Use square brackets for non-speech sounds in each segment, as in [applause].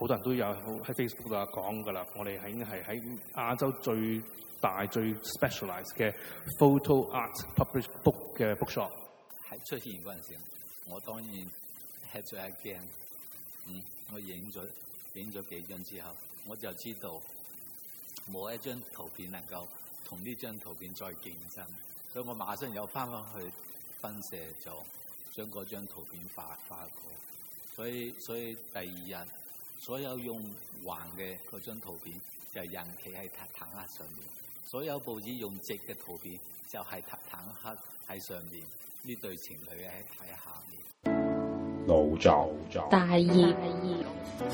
好多人都有喺 Facebook 度講㗎喇。我哋係已經係喺亞洲最大、最 specialize 嘅 photo art published book 嘅 bookshop 喺出現嗰陣時，我當然嚇咗一驚。H a、ain, 嗯，我影咗影咗幾張之後，我就知道冇一張圖片能夠同呢張圖片再競爭，所以我馬上又翻返去分社，就將嗰張圖片發發過。所以所以第二日。所有用橫嘅嗰張圖片就人企喺塔坦克上面，所有報紙用直嘅圖片就係坦克喺上面，呢對情侶喺喺下面。老莊大二。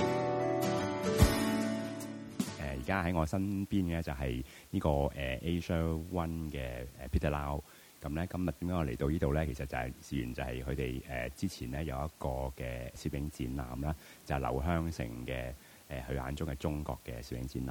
誒，而家喺我身邊嘅就係、是、呢、這個誒、呃、Asia One 嘅、呃、Peter Lau。咁咧今日點解我嚟到呢度咧？其實就係自然，就係佢哋誒之前咧有一個嘅攝影展覽啦，就係劉香成嘅誒佢眼中嘅中國嘅攝影展覽。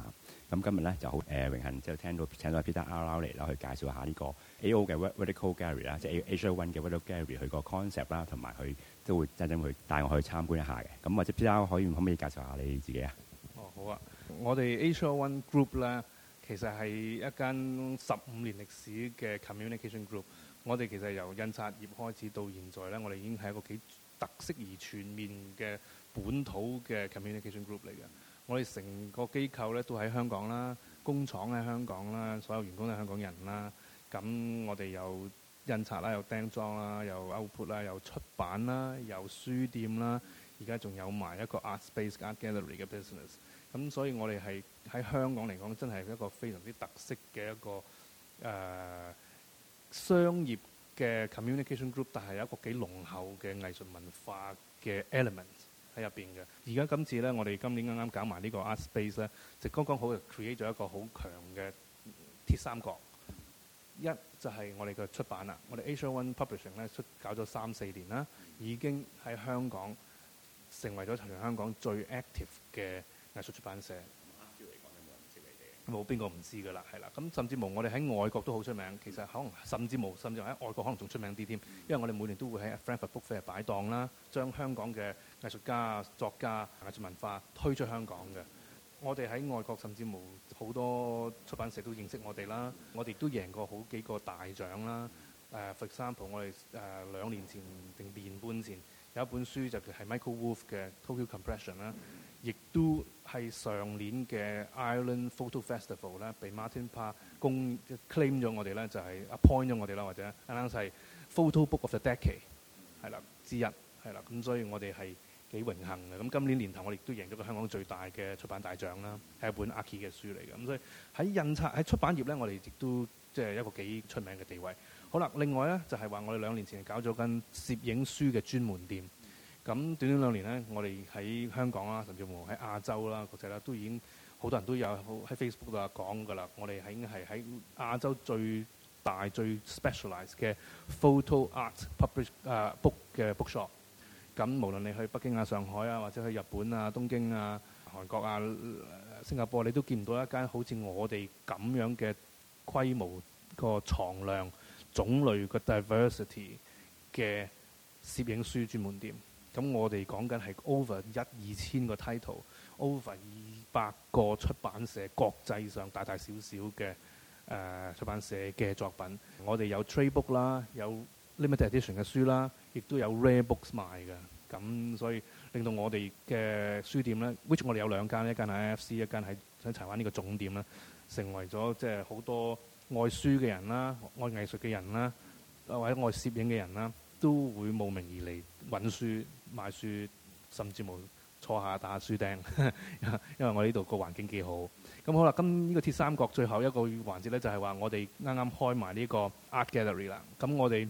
咁今日咧就好誒榮幸，即係聽到請到 Peter Lau 嚟啦，去介紹下呢個 A.O. 嘅 Vertical Gallery 啦，即係 Asia One 嘅 Vertical Gallery 佢個 concept 啦，同埋佢都會真正去帶我去參觀一下嘅。咁或者 Peter 可以可唔可以介紹下你自己啊？哦，好啊，我哋 Asia One Group 咧。其實係一間十五年歷史嘅 Communication Group。我哋其實由印刷業開始，到現在呢，我哋已經係一個幾特色而全面嘅本土嘅 Communication Group 嚟嘅。我哋成個機構呢都喺香港啦，工廠喺香港啦，所有員工都係香港人啦。咁我哋有印刷啦，有釘裝啦，有 output 啦，有出版啦，有書店啦。而家仲有埋一個 Art Space、Art Gallery 嘅 business。咁所以我哋係。喺香港嚟講，真係一個非常之特色嘅一個誒、呃、商業嘅 communication group，但係有一個幾濃厚嘅藝術文化嘅 element 喺入邊嘅。而家今次咧，我哋今年啱啱搞埋呢個 Art Space 咧，就剛剛好 create 咗一個好強嘅鐵三角。一就係我哋嘅出版啦，我哋 Asia One Publishing 咧，出搞咗三四年啦，已經喺香港成為咗頭香港最 active 嘅藝術出版社。冇邊個唔知㗎啦，係啦。咁甚至乎，我哋喺外國都好出名。其實可能甚至乎，甚至喺外國可能仲出名啲添。因為我哋每年都會喺 Frankfurt Book Fair 擺檔啦，將香港嘅藝術家、作家、藝術文化推出香港嘅。我哋喺外國甚至乎好多出版社都認識我哋啦。我哋都贏過好幾個大獎啦。誒、uh，for example，我哋誒兩年前定年半前有一本書就係 Michael Wolf 嘅 Tokyo Compression 啦。亦都係上年嘅 Ireland Photo Festival 咧、e，被 Martin Parr 公 claim 咗我哋咧，就係、是、appoint 咗我哋啦，或者係 Photo Book of the Decade 係啦之一，係啦，咁所以我哋係幾榮幸嘅。咁今年年頭我哋亦都贏咗個香港最大嘅出版大獎啦，係一本 Aki 嘅書嚟嘅。咁所以喺印刷喺出版業咧，我哋亦都即係、就是、一個幾出名嘅地位。好啦，另外咧就係、是、話我哋兩年前搞咗間攝影書嘅專門店。咁短短兩年呢，我哋喺香港啦，甚至乎喺亞洲啦、國際啦，都已經好多人都有好喺 Facebook 度講㗎啦。我哋係應該係喺亞洲最大、最 specialized 嘅 photo art publish 啊、uh, book 嘅 bookshop。咁無論你去北京啊、上海啊，或者去日本啊、東京啊、韓國啊、新加坡，你都見唔到一間好似我哋咁樣嘅規模、個藏量、種類嘅 diversity 嘅攝影書專門店。咁我哋講緊係 over 一二千個 title，over 二百個出版社，國際上大大小小嘅誒、呃、出版社嘅作品，我哋有 trade book 啦，有 limited edition 嘅書啦，亦都有 rare books 賣嘅，咁所以令到我哋嘅書店咧，which 我哋有兩間，一間喺 IFC，一間喺喺柴灣呢個總店啦，成為咗即係好多愛書嘅人啦，愛藝術嘅人啦，或者愛攝影嘅人啦，都會慕名而嚟揾書。買書，甚至冇坐下打下書釘， [laughs] 因為我呢度個環境幾好。咁好啦，今呢個鐵三角最後一個環節咧，就係話我哋啱啱開埋呢個 Art Gallery 啦。咁我哋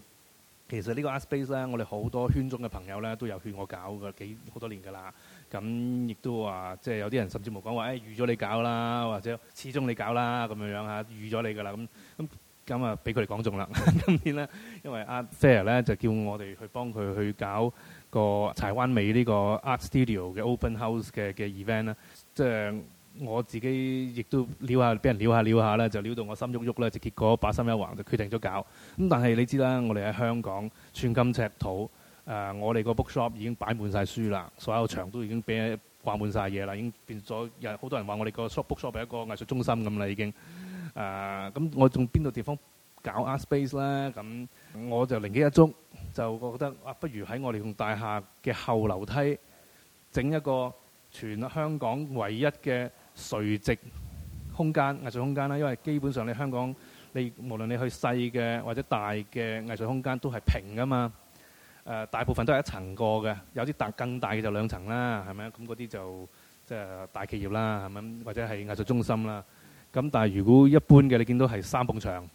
其實呢個 Art Space 咧，我哋好多圈中嘅朋友咧，都有勸我搞嘅幾好多年㗎啦。咁亦都話，即係有啲人甚至冇講話誒預咗你搞啦，或者始終你搞啦咁樣樣嚇預咗你㗎啦。咁咁咁啊，俾佢哋講中啦。 [laughs] 今年咧，因為 Art Fair 咧，就叫我哋去幫佢去搞。個柴灣尾呢個 Art Studio 嘅 Open House 嘅嘅 event 咧，即係我自己亦都撩下，俾人撩下撩下咧，就撩到我心喐喐咧，就結果把心一橫就決定咗搞。咁但係你知啦，我哋喺香港寸金尺土，誒、呃，我哋個 bookshop 已經擺滿晒書啦，所有牆都已經俾掛滿晒嘢啦，已經變咗。有好多人話我哋個 book shop 係一個藝術中心咁啦，已經。誒、呃，咁我仲邊度地方搞 Art Space 咧？咁我就靈機一觸。就覺得啊，不如喺我哋棟大廈嘅後樓梯整一個全香港唯一嘅垂直空間藝術空間啦。因為基本上你香港你無論你去細嘅或者大嘅藝術空間都係平噶嘛。誒、呃，大部分都係一層過嘅，有啲大更大嘅就兩層啦，係咪？咁嗰啲就即係、就是、大企業啦，係咪？或者係藝術中心啦。咁但係如果一般嘅，你見到係三埲牆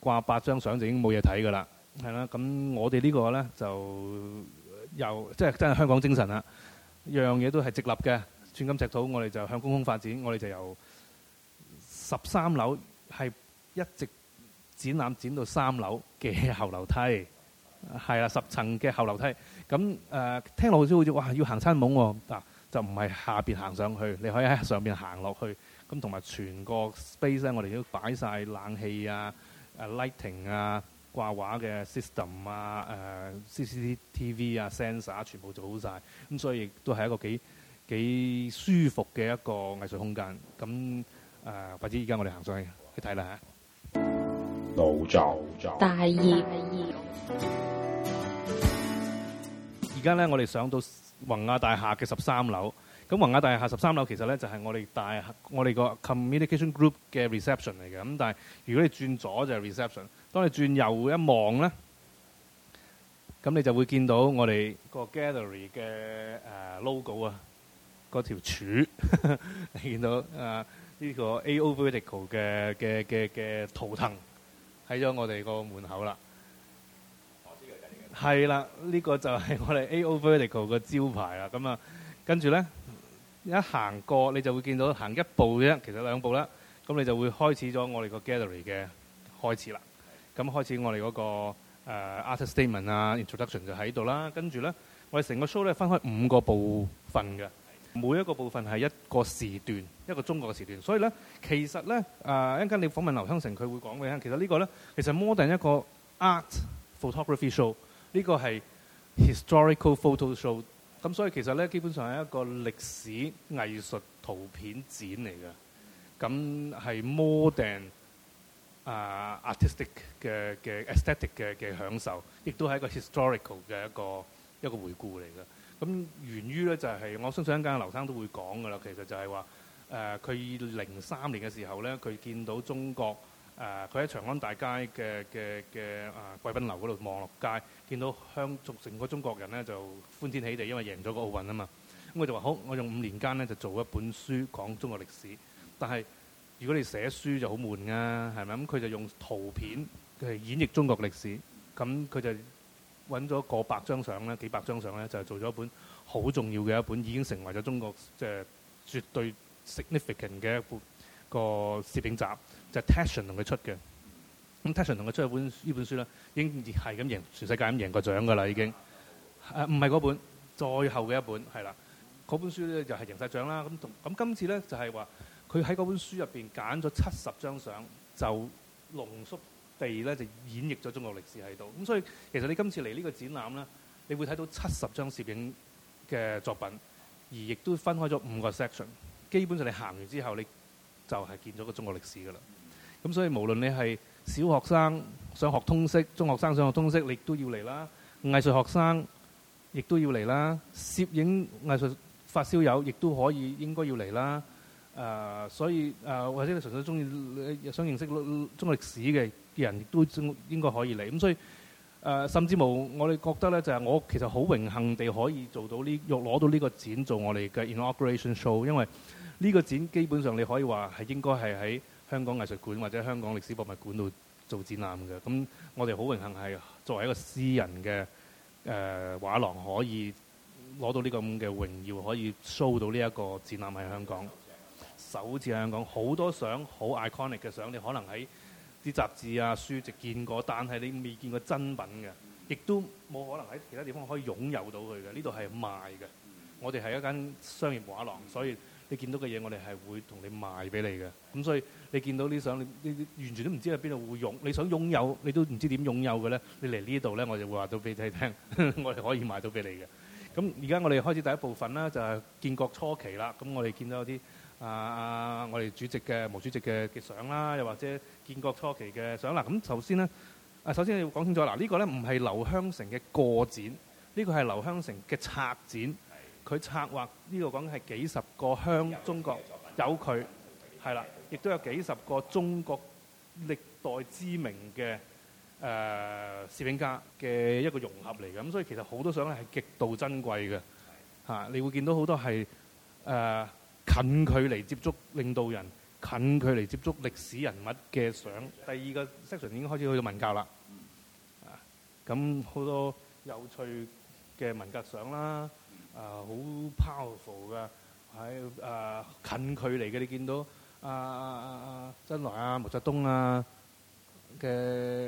掛八張相，就已經冇嘢睇噶啦。係啦，咁我哋呢個咧就由即係真係香港精神啦，樣嘢都係直立嘅，寸金尺土，我哋就向高空發展，我哋就由十三樓係一直展覽展到三樓嘅後樓梯，係啦，十層嘅後樓梯，咁誒、呃、聽落去都好似哇要行餐懵喎，嗱、啊、就唔係下邊行上去，你可以喺上邊行落去，咁同埋全個 space 咧，我哋都擺晒冷氣啊、誒 lighting 啊。Light 掛畫嘅 system 啊，誒、呃、CCTV 啊，sensor、啊、全部做好晒，咁、嗯，所以亦都係一個幾幾舒服嘅一個藝術空間。咁誒，或者而家我哋行上去去睇啦嚇。老就就大二大二。而家咧，我哋上到宏亞大廈嘅十三樓。咁宏亞大廈十三樓其實咧就係、是、我哋大我哋個 Communication Group 嘅 reception 嚟嘅。咁但係如果你轉咗，就係 reception。當你轉右一望咧，咁你就會見到我哋個 gallery 嘅誒、uh, logo 啊，個條柱 [laughs] 你見到啊呢、uh, 個 AO Vertical 嘅嘅嘅嘅圖騰喺咗我哋個門口啦。係啦，呢、呢個就係我哋 AO Vertical 嘅招牌啦。咁啊，跟住咧一行過，你就會見到行一步啫，其實兩步啦。咁你就會開始咗我哋個 gallery 嘅開始啦。咁開始我哋嗰、嗰個誒 art statement 啊 introduction 就喺度啦，跟住咧我哋成個 show 咧分開五個部分嘅，每一個部分係一個時段，一個中國嘅時段。所以咧其實咧誒一陣間你訪問劉香成佢會講嘅咧？其實呢個咧其實 modern 一個 art photography show，呢個係 historical photo show，咁所以其實咧基本上係一個歷史藝術圖片展嚟嘅，咁係 modern。啊、uh，artistic 嘅嘅 aesthetic 嘅嘅享受，亦都係一個 historical 嘅一個一個回顧嚟嘅。咁源於咧就係、是，我相信一間劉生都會講㗎啦。其實就係話，誒佢零三年嘅時候咧，佢見到中國誒，佢、呃、喺長安大街嘅嘅嘅誒貴賓樓嗰度望落街，見到香逐成個中國人咧就歡天喜地，因為贏咗個奧運啊嘛。咁佢就話好，我用五年間咧就做一本書講中國歷史，但係。如果你寫書就好悶噶、啊，係咪咁？佢就用圖片去演繹中國歷史，咁佢就揾咗過百張相咧，幾百張相咧，就係做咗一本好重要嘅一本，已經成為咗中國即係、就是、絕對 significant 嘅一本個,個攝影集，就係、Taschen 同佢出嘅。咁 Taschen 同佢出一本呢本書咧，已經係咁贏全世界咁贏個獎噶啦，已經。誒唔係嗰本，最後嘅一本係啦，嗰本書咧就係、是、贏晒獎啦。咁咁今次咧就係、是、話。佢喺嗰本書入邊揀咗七十張相，就濃縮地咧就演繹咗中國歷史喺度。咁所以其實你今次嚟呢個展覽咧，你會睇到七十張攝影嘅作品，而亦都分開咗五個 section。基本上你行完之後，你就係見咗個中國歷史㗎啦。咁所以無論你係小學生想學通識，中學生想學通識，你都要嚟啦。藝術學生亦都要嚟啦。攝影藝術發燒友亦都可以應該要嚟啦。誒，uh, 所以誒，uh, 或者你純粹鍾意想認識中國歷史嘅人，亦都應應該可以嚟。咁所以誒，uh, 甚至冇我哋覺得咧，就係、是、我其實好榮幸地可以做到呢，又攞到呢個展做我哋嘅 inauguration show。因為呢個展基本上你可以話係應該係喺香港藝術館或者香港歷史博物館度做展覽嘅。咁我哋好榮幸係作為一個私人嘅誒、呃、畫廊，可以攞到呢個咁嘅榮耀，可以 show 到呢一個展覽喺香港。就好似香港好多相好 iconic 嘅相，你可能喺啲雜誌啊、書籍見過，但係你未見過真品嘅，亦都冇可能喺其他地方可以擁有到佢嘅。呢度係賣嘅，我哋係一間商業畫廊，所以你見到嘅嘢，我哋係會同你賣俾你嘅。咁所以你見到啲相，你呢完全都唔知喺邊度會用。你想擁有，你都唔知點擁有嘅咧。你嚟呢度咧，我就會話到俾你聽，我哋可以賣到俾你嘅。咁而家我哋開始第一部分啦，就係建國初期啦。咁我哋見到啲。啊！我哋主席嘅毛主席嘅嘅相啦，又或者建國初期嘅相啦。咁、啊、首先呢，啊首先要講清楚啦。呢、啊這個呢，唔係劉香成嘅個展，呢、這個係劉香成嘅策展。佢的策劃呢、這個講嘅係幾十個香中國有佢係啦，亦都有幾十個中國歷代知名嘅誒、呃、攝影家嘅一個融合嚟嘅。咁、啊、所以其實好多相咧係極度珍貴嘅嚇。你會見到好多係誒。啊啊近距離接觸領導人，近距離接觸歷史人物嘅相。第二個 section 已經開始去到文革啦、 [noise] 啊。啊，咁好多有趣嘅文革相啦。啊，好 powerful 嘅喺啊近距離嘅，你見到啊啊啊啊，真、啊、來啊，毛澤東啊嘅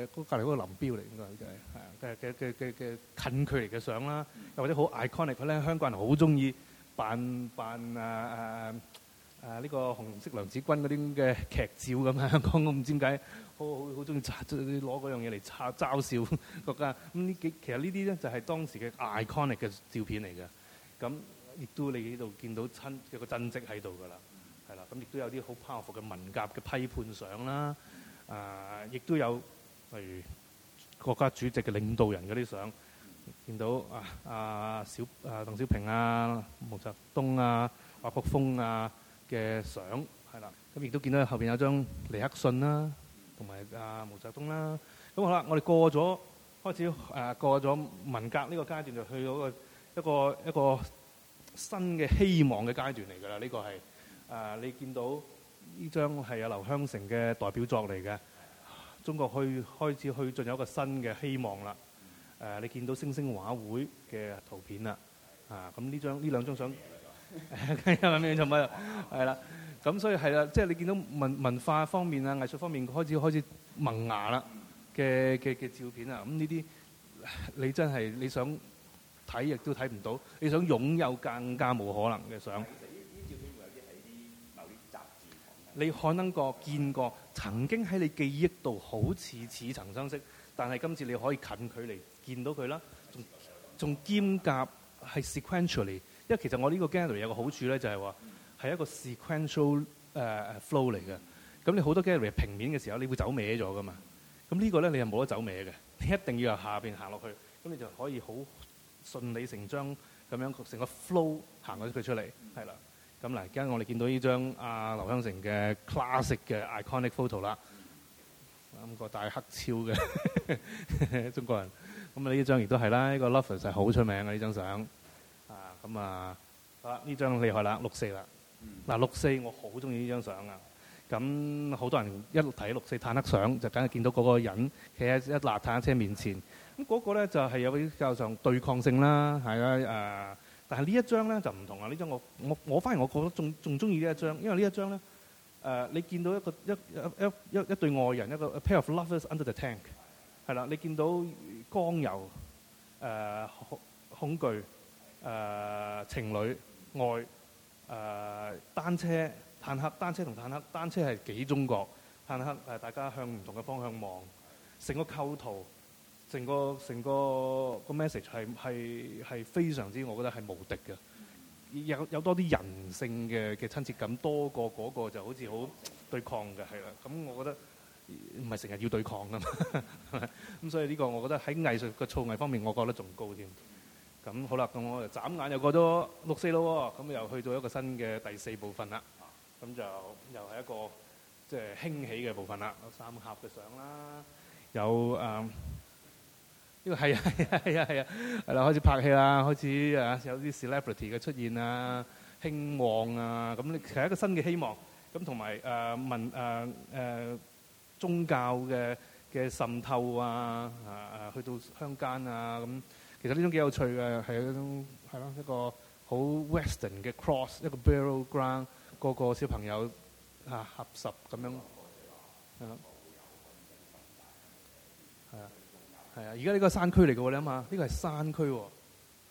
隔離嗰個林彪嚟，應該係係嘅嘅嘅嘅近距離嘅相啦，又或者好 iconic 咧，香港人好中意。扮扮啊啊啊！呢、啊啊這個紅色娘子軍嗰啲咁嘅劇照咁啊，我唔知點解好好好中意攞嗰樣嘢嚟嘲嘲笑國家。咁呢幾其實呢啲咧就係當時嘅 iconic 嘅照片嚟嘅。咁、嗯、亦都你喺度見到親有個真跡喺度㗎啦，係啦。咁、嗯、亦都有啲好 powerful 嘅文革嘅批判相啦。啊、呃，亦都有例如國家主席嘅領導人嗰啲相。見到啊啊小啊鄧小平啊、毛澤東啊、華國鋒啊嘅相係啦。咁亦都見到後邊有張尼克遜啦，同埋啊毛澤東啦。咁好啦，我哋過咗開始誒過咗文革呢個階段，就去到個一個一個新嘅希望嘅階段嚟㗎啦。呢個係啊你見到呢張係啊劉香成嘅代表作嚟嘅，中國去開始去進有個新嘅希望啦。誒、呃，你見到星星畫會嘅圖片啦，啊，咁呢張呢兩張相，咩？同埋係啦，咁、嗯、所以係啦，即係你見到文文化方面啊、藝術方面開始開始、開始萌芽啦嘅嘅嘅照片啊，咁呢啲你真係你想睇，亦都睇唔到；你想擁有，更加冇可能嘅相。你可能過、見過、嗯、曾經喺你記憶度好似似曾相識，但係今次你可以近距離。 [laughs] 見到佢啦，仲仲兼夾係 sequentially 因為其實我呢個 gallery 有個好處咧，就係話係一個 sequential 誒、uh, flow 嚟嘅。咁你好多 gallery 平面嘅時候，你會走歪咗噶嘛？咁呢個咧，你係冇得走歪嘅，你一定要由下邊行落去，咁你就可以好順理成章咁樣成個 flow 行咗佢出嚟，係啦、嗯。咁嗱，而家我哋見到呢張阿、啊、劉香成嘅 classic 嘅 iconic photo 啦，戴個大黑超嘅 [laughs] 中國人。咁啊呢張亦都係啦，呢個 lovers 係好出名嘅呢張相啊，咁啊好啦，呢張厲害啦，六四啦。嗱，六四我好中意呢張相啊，咁好多人一睇六四坦克相，就梗係見到嗰個人企喺一架坦克車面前。咁嗰個咧就係有啲較上對抗性啦，係啊誒。但係呢一張咧就唔同啊，呢張我我我反而我覺得仲仲中意呢一張，因為呢一張咧誒，你見到一個一一一一對外人一個 pair of lovers under the tank。係啦，你見到光油，誒、呃、恐恐懼，誒、呃、情侶愛，誒、呃、單車坦克，單車同坦克，單車係幾中國，坦克誒大家向唔同嘅方向望，成個構圖，成個成個個 message 係係係非常之，我覺得係無敵嘅，有有多啲人性嘅嘅親切感多過嗰個就好似好對抗嘅係啦，咁、嗯、我覺得。唔係成日要對抗㗎嘛、 [laughs] [laughs] 嗯，咁所以呢個我覺得喺藝術嘅創意方面，我覺得仲高添。咁好啦，咁我就眨眼又過咗六四咯，咁又去到一個新嘅第四部分啦。咁就又係一個即係、就是、興起嘅部分啦，三峽有三合嘅相啦，有誒呢個係啊係 [laughs] 啊係啊係啦，開始拍戲啦，開始啊有啲 celebrity 嘅出現啊，興旺啊，咁其實係一個新嘅希望。咁同埋誒文誒誒。嗯嗯嗯宗教嘅嘅滲透啊，啊啊，去到鄉間啊，咁、嗯、其實呢種幾有趣嘅，係一種係咯一個好 Western 嘅 cross，一個 burial ground，個個小朋友啊合十咁樣係咯係啊係啊，而家呢個係山區嚟嘅喎，你諗下，呢個係山區喎，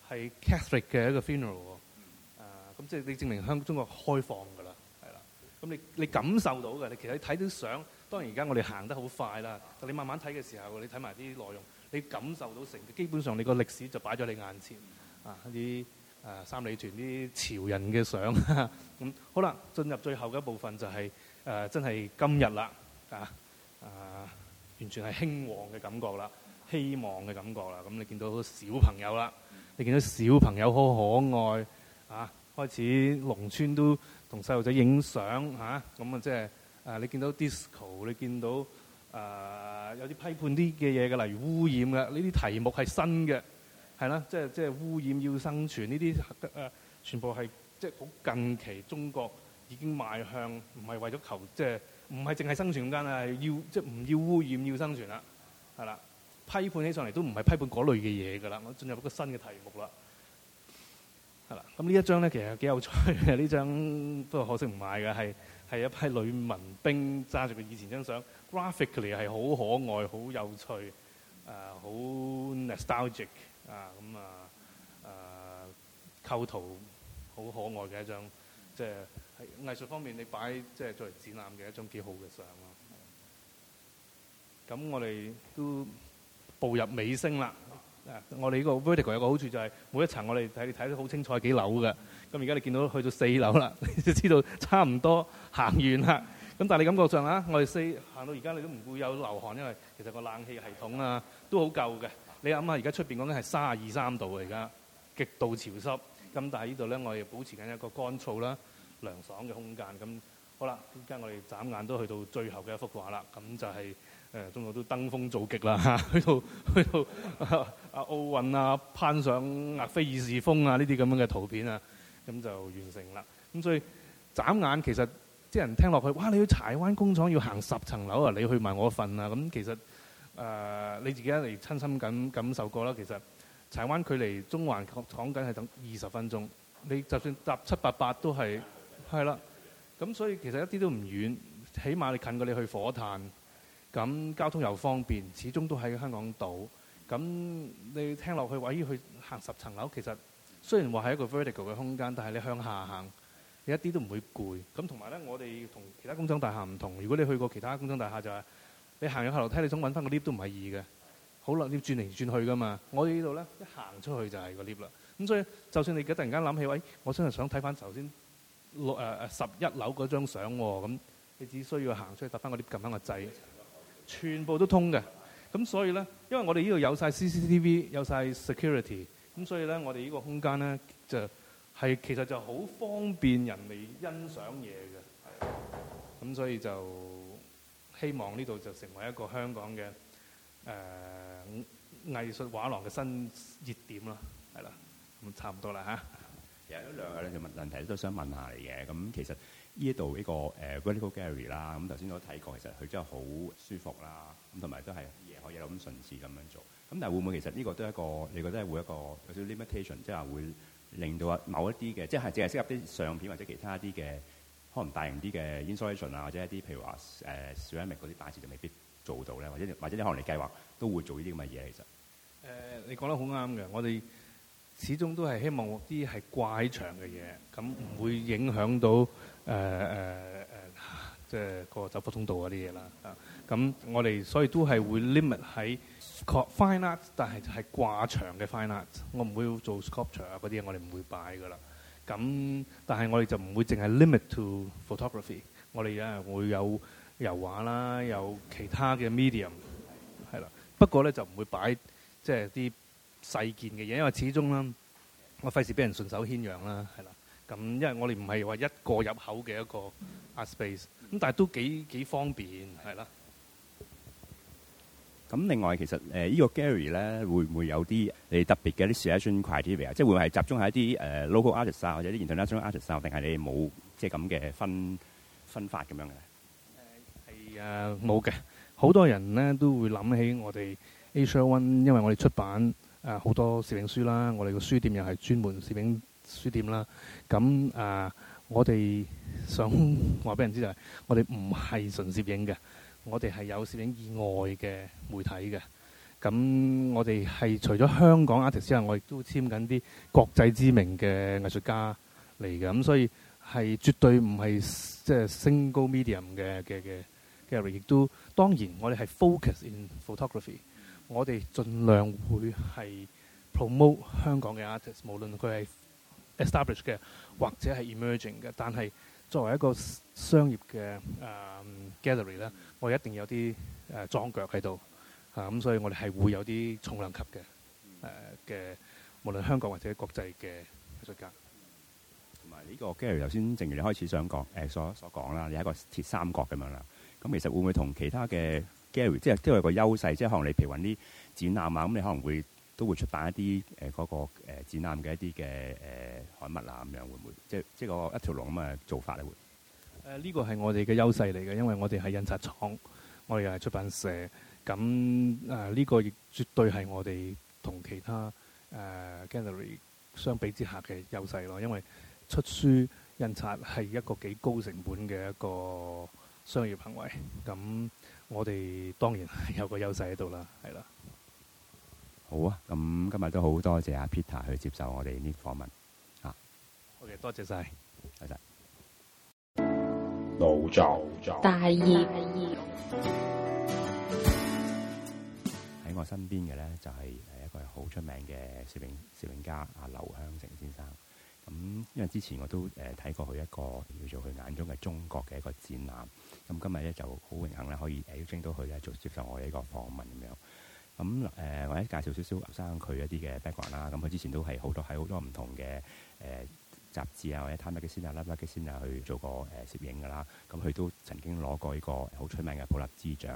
係 Catholic 嘅一個 funeral 喎，啊咁即係你證明香港中國開放㗎啦，係啦，咁你你感受到嘅，你其實你睇到相。當然而家我哋行得好快啦，但你慢慢睇嘅時候，你睇埋啲內容，你感受到成基本上你個歷史就擺咗你眼前啊！啲誒、啊、三里屯啲潮人嘅相，咁、啊、好啦，進入最後嘅一部分就係、是、誒、啊、真係今日啦啊啊！完全係興旺嘅感覺啦，希望嘅感覺啦。咁你見到小朋友啦，你見到小朋友好可愛啊！開始農村都同細路仔影相嚇，咁啊即係。啊！你見到 disco，你見到啊、呃、有啲批判啲嘅嘢嘅，例如污染嘅呢啲題目係新嘅，係啦，即係即係污染要生存呢啲、呃，全部係即係近期中國已經邁向唔係為咗求即係唔係淨係生存間啊，要即係唔要污染要生存啦，係啦，批判起上嚟都唔係批判嗰類嘅嘢㗎啦，我進入一個新嘅題目啦，係啦，咁呢一張咧其實幾有趣嘅，呢張不過可惜唔賣嘅係。係一批女民兵揸住佢以前張相，graphically 係好可愛、好有趣、誒、uh, 好 nostalgic 啊！咁啊誒構圖好可愛嘅一張，即係藝術方面你擺即係作為展覽嘅一張幾好嘅相咯。咁我哋都步入尾聲啦。誒、uh，我哋呢個 vertical 有個好處就係每一層我哋睇睇得好清楚幾樓嘅。咁而家你見到去到四樓啦，你就知道差唔多行完啦。咁但係你感覺上啊，我哋四行到而家你都唔會有流汗，因為其實個冷氣系統啊都好夠嘅。你諗下，而家出邊講緊係三十二三度啊，而家極度潮濕。咁但係呢度咧，我哋保持緊一個乾燥啦、涼爽嘅空間。咁好啦，依家我哋眨眼都去到最後嘅一幅畫啦。咁就係、是、誒，中、呃、國都登峰造極啦， [laughs] 去到去到啊奧運啊，攀上額、啊、非爾士峯啊呢啲咁樣嘅圖片啊。咁就完成啦。咁所以眨眼，其實啲人聽落去，哇！你去柴灣工廠要行十層樓啊，你去埋我份啊。咁其實誒，你自己一嚟親身感感受過啦。其實柴灣距離中環講講緊係等二十分鐘，你就算搭七八八都係係啦。咁所以其實一啲都唔遠，起碼你近過你去火炭。咁交通又方便，始終都喺香港島。咁你聽落去，為依去行十層樓，其實～雖然話係一個 vertical 嘅空間，但係你向下行，你一啲都唔會攰。咁同埋咧，我哋同其他工廠大廈唔同。如果你去過其他工廠大廈、就是，就係你行入下樓梯，你想揾翻個 lift 都唔係易嘅。好啦，要轉嚟轉去噶嘛。我哋呢度咧，一行出去就係個 lift 啦。咁所以，就算你而家突然間諗起，喂、哎，我真係想睇翻頭先六誒誒十一樓嗰張相喎、哦。咁你只需要行出去搭翻個 lift 撳翻個掣，全部都通嘅。咁所以咧，因為我哋呢度有晒 CCTV，有晒 security。咁所以咧，我哋呢個空間咧就係其實就好方便人哋欣賞嘢嘅。咁係、嗯、所以就希望呢度就成為一個香港嘅誒、呃、藝術畫廊嘅新熱點啦。係啦，咁差唔多啦嚇。啊、其實有一兩個咧就問問題都想問下嚟嘅。咁其實呢度呢個誒 Vertical、呃、Gallery 啦，咁頭先我都睇過，其實佢真係好舒服啦。咁同埋都係嘢可以咁順時咁樣做。咁但係會唔會其實呢個都係一個？你覺得係會一個有少少 limitation，即係話會令到啊某一啲嘅，即係係淨係適合啲相片或者其他一啲嘅，可能大型啲嘅 installation 啊，或者一啲譬如話誒 ceramic 嗰啲擺設就未必做到咧，或者或者你可能你計劃都會做呢啲咁嘅嘢。其實誒、呃，你講得好啱嘅，我哋始終都係希望啲係掛牆嘅嘢，咁唔會影響到誒誒誒，即、呃、係、呃呃就是、個走火通道嗰啲嘢啦啊。咁我哋所以都係會 limit 喺。Fine art，但係係掛牆嘅 fine art。我唔會做 sculpture 啊嗰啲嘢，我哋唔會擺噶啦。咁但係我哋就唔會淨係 limit to photography 我。我哋咧會有油畫啦，有其他嘅 medium 係啦。不過咧就唔會擺即係啲細件嘅嘢，因為始終啦，我費事俾人順手牽羊啦，係啦。咁因為我哋唔係話一個入口嘅一個 art space，咁但係都幾幾方便係啦。咁另外其實誒依個 Gary 咧會唔會有啲你特別嘅啲 selection criteria 啊？即係會唔會係集中喺一啲誒 local artist 啊，或者啲 international artist 啊？定係你冇即係咁嘅分分法咁樣嘅？誒係誒冇嘅，好多人咧都會諗起我哋 Asia One，因為我哋出版誒好多攝影書啦，我哋個書店又係專門攝影書店啦。咁誒我哋想話俾人知就係，我哋唔係純攝影嘅。我哋係有攝影以外嘅媒體嘅，咁我哋係除咗香港 artist 之外，我亦都簽緊啲國際知名嘅藝術家嚟嘅。咁所以係絕對唔係即係 single medium 嘅嘅嘅 gallery。亦都當然我哋係 focus in photography。我哋盡量會係 promote 香港嘅 artist，無論佢係 established 嘅或者係 emerging 嘅。但係作為一個商業嘅誒、um, gallery 咧。我一定有啲誒裝腳喺度嚇，咁、啊、所以我哋係會有啲重量級嘅誒嘅，無論香港或者國際嘅藝術家。同埋呢個 Gary 頭先正如你開始想講誒、呃、所所講啦，你係一個鐵三角咁樣啦。咁、嗯、其實會唔會同其他嘅 Gary 即係都有個優勢，即係可能你譬如搵啲展覽啊，咁、嗯、你可能會都會出版一啲誒嗰個展覽嘅一啲嘅誒刊物啊咁樣，會唔會即係即係嗰個一條龍咁嘅做法你咧？誒呢、啊，這個係我哋嘅優勢嚟嘅，因為我哋係印刷廠，我哋又係出版社，咁誒呢個亦絕對係我哋同其他誒、啊、gallery 相比之下嘅優勢咯。因為出書印刷係一個幾高成本嘅一個商業行為，咁我哋當然係有個優勢喺度啦，係啦。好啊，咁今日都好多謝阿 Peter 去接受我哋呢啲訪問、啊、OK，多謝晒。多謝。腦作大業，喺我身邊嘅咧就係、是、誒一個好出名嘅攝影攝影家阿劉香成先生。咁因為之前我都誒睇過佢一個叫做佢眼中嘅中國嘅一個展覽。咁今日咧就好榮幸咧可以邀請、呃、到佢咧做接受我呢一個訪問咁樣。咁誒或者介紹少少劉生佢一啲嘅 background 啦。咁佢之前都係好多喺好多唔同嘅誒。呃雜誌啊，或者 Time Magazine,《Life Magazine》啊，去做過誒、呃、攝影噶啦。咁、啊、佢都曾經攞過呢個好出名嘅普立茲獎。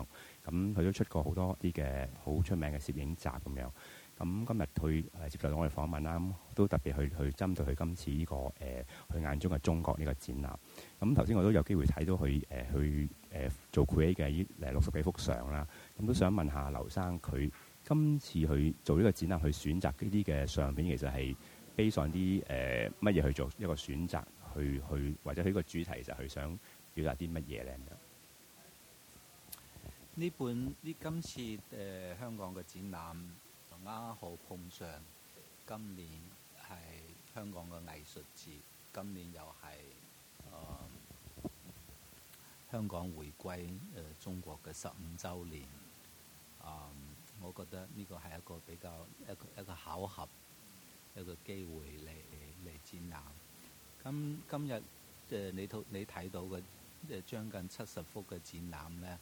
咁、啊、佢都出過好多啲嘅好出名嘅攝影集咁樣。咁、啊嗯、今日佢接受我哋訪問啦、啊，都特別去去針對佢今次呢、呢個誒佢、啊、眼中嘅中國呢個展覽。咁頭先我都有機會睇到佢誒去誒做 create 嘅呢六十幾幅相啦。咁都想問下劉生，佢今次去做呢個展覽，去選擇呢啲嘅相片，其實係。非常啲誒乜嘢去做一個選擇，去去或者佢個主題就係想表達啲乜嘢咧？呢本呢今次誒香港嘅展覽就啱啱好碰上今年係香港嘅藝術節，今年又係誒、呃、香港回歸誒、呃、中國嘅十五周年。啊、呃，我覺得呢個係一個比較一個一個巧合。一個機會嚟嚟展覽，今今日誒、呃、你睇你睇到嘅誒將近七十幅嘅展覽咧，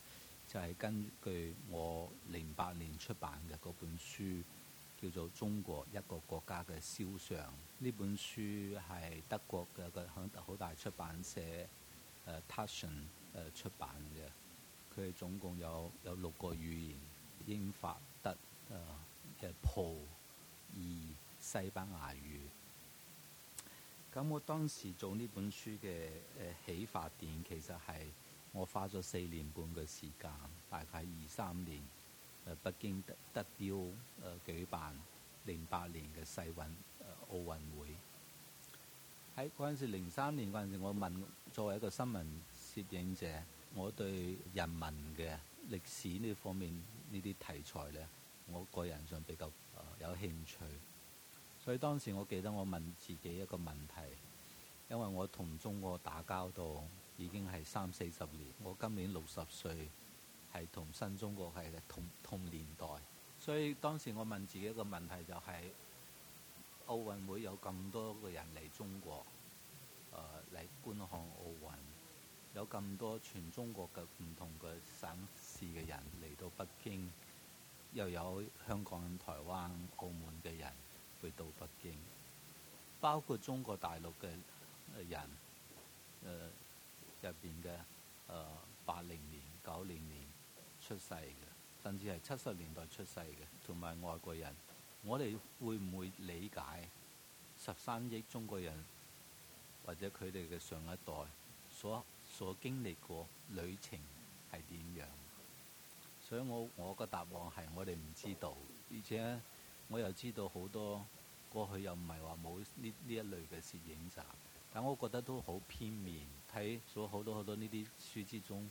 就係、是、根據我零八年出版嘅嗰本書，叫做《中國一個國家嘅肖像》。呢本書係德國嘅一個好大出版社誒、呃、Taschen 誒、呃、出版嘅，佢總共有有六個語言：英法、法、呃、德、呃、誒、葡、意、西班牙語。咁我當時做呢本書嘅誒起發點，其實係我花咗四年半嘅時間，大概二三年。誒北京德得，得標誒、呃、舉辦零八年嘅世運誒、呃、奧運會喺嗰陣時，零三年嗰陣時，我問作為一個新聞攝影者，我對人民嘅歷史呢方面呢啲題材咧，我個人上比較誒、呃、有興趣。所以當時我記得我問自己一個問題，因為我同中國打交道已經係三四十年，我今年六十歲，係同新中國係同同年代。所以當時我問自己一個問題就係奧運會有咁多個人嚟中國誒嚟、呃、觀看奧運，有咁多全中國嘅唔同嘅省市嘅人嚟到北京，又有香港、台灣、澳門嘅人。去到北京，包括中國大陸嘅人，誒入邊嘅誒八零年、九零年，年出世嘅，甚至係七十年代出世嘅，同埋外國人，我哋會唔會理解十三億中國人或者佢哋嘅上一代所所經歷過旅程係點樣？所以我我嘅答案係我哋唔知道，而且。我又知道好多過去又唔係話冇呢呢一類嘅攝影集，但我覺得都好偏面，睇咗好多好多呢啲書之中，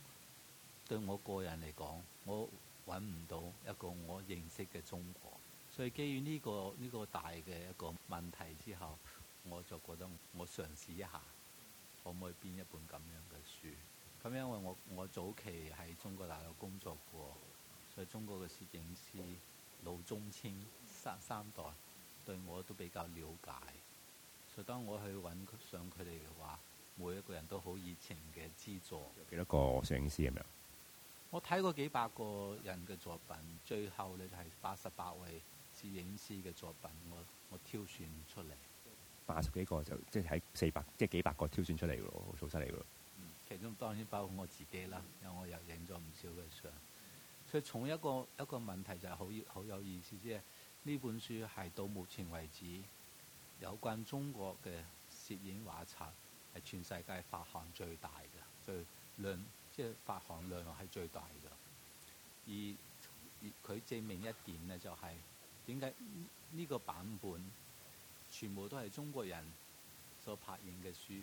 對我個人嚟講，我揾唔到一個我認識嘅中國。所以基於呢個呢個大嘅一個問題之後，我就覺得我嘗試一下可唔可以編一本咁樣嘅書。咁因為我我早期喺中國大陸工作過，所以中國嘅攝影師老中青。三三代對我都比較了解，所以當我去揾上佢哋嘅話，每一個人都好熱情嘅資助。有幾多個攝影師咁樣？係咪我睇過幾百個人嘅作品，最後咧就係八十八位攝影師嘅作品，我我挑選出嚟。八十幾個就即係喺四百，即係幾百個挑選出嚟嘅咯，好犀利嘅咯。嗯，其中當然包括我自己啦，因為我又影咗唔少嘅相。所以從一個一個問題就係好好有意思，即係。呢本書係到目前為止有關中國嘅攝影畫冊，係全世界發行最大嘅，最量即係、就是、發行量係最大嘅。而佢證明一點咧、就是，就係點解呢個版本全部都係中國人所拍影嘅書，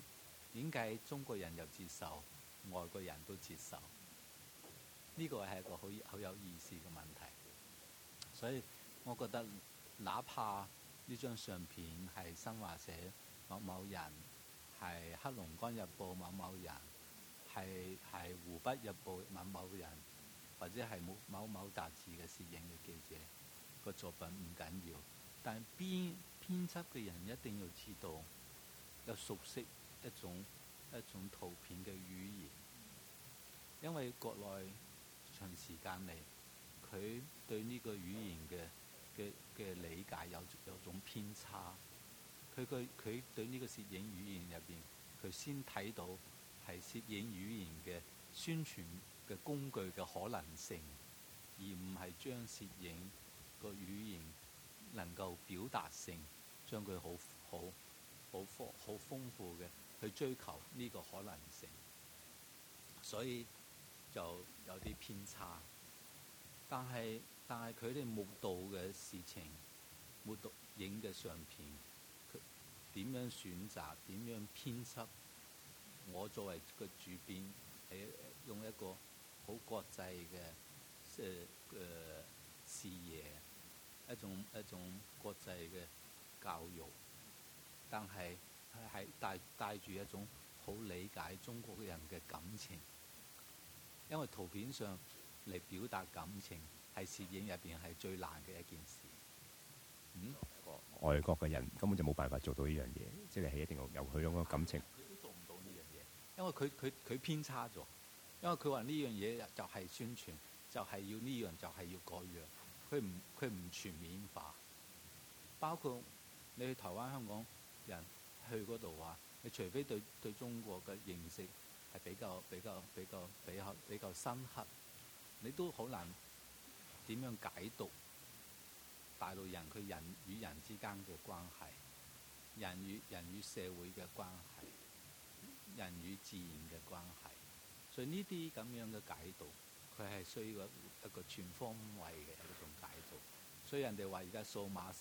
點解中國人又接受，外國人都接受？呢、這個係一個好好有意思嘅問題，所以。我覺得，哪怕呢張相片係新華社某某人，係黑龍江日報某某人，係係湖北日報某某人，或者係某某某雜誌嘅攝影嘅記者，個作品唔緊要，但編編輯嘅人一定要知道，又熟悉一種一種圖片嘅語言，因為國內長時間嚟，佢對呢個語言嘅。嘅嘅理解有有種偏差，佢佢佢對呢個攝影語言入邊，佢先睇到係攝影語言嘅宣傳嘅工具嘅可能性，而唔係將攝影個語言能夠表達性，將佢好好好豐好豐富嘅去追求呢個可能性，所以就有啲偏差，但係。但係佢哋目睹嘅事情，目睹影嘅相片，點樣選擇？點樣編輯？我作為個主編，係用一個好國際嘅，即係誒視野，一種一種國際嘅教育。但係係帶帶住一種好理解中國人嘅感情，因為圖片上嚟表達感情。係攝影入邊係最難嘅一件事。嗯，外國嘅人根本就冇辦法做到呢樣嘢，即係係一定要有佢咁嘅感情。佢都做唔到呢樣嘢，因為佢佢佢偏差咗。因為佢話呢樣嘢就係宣傳，就係、是、要呢樣、那個，就係要嗰樣。佢唔佢唔全面化，包括你去台灣、香港人去嗰度話，你除非對對中國嘅認識係比較比較比較比較比較比較深刻，你都好難。點樣解讀大陸人佢人與人之間嘅關係，人與人與社會嘅關係，人與自然嘅關係，所以呢啲咁樣嘅解讀，佢係需要一個，一個全方位嘅一種解讀。所以人哋話而家數碼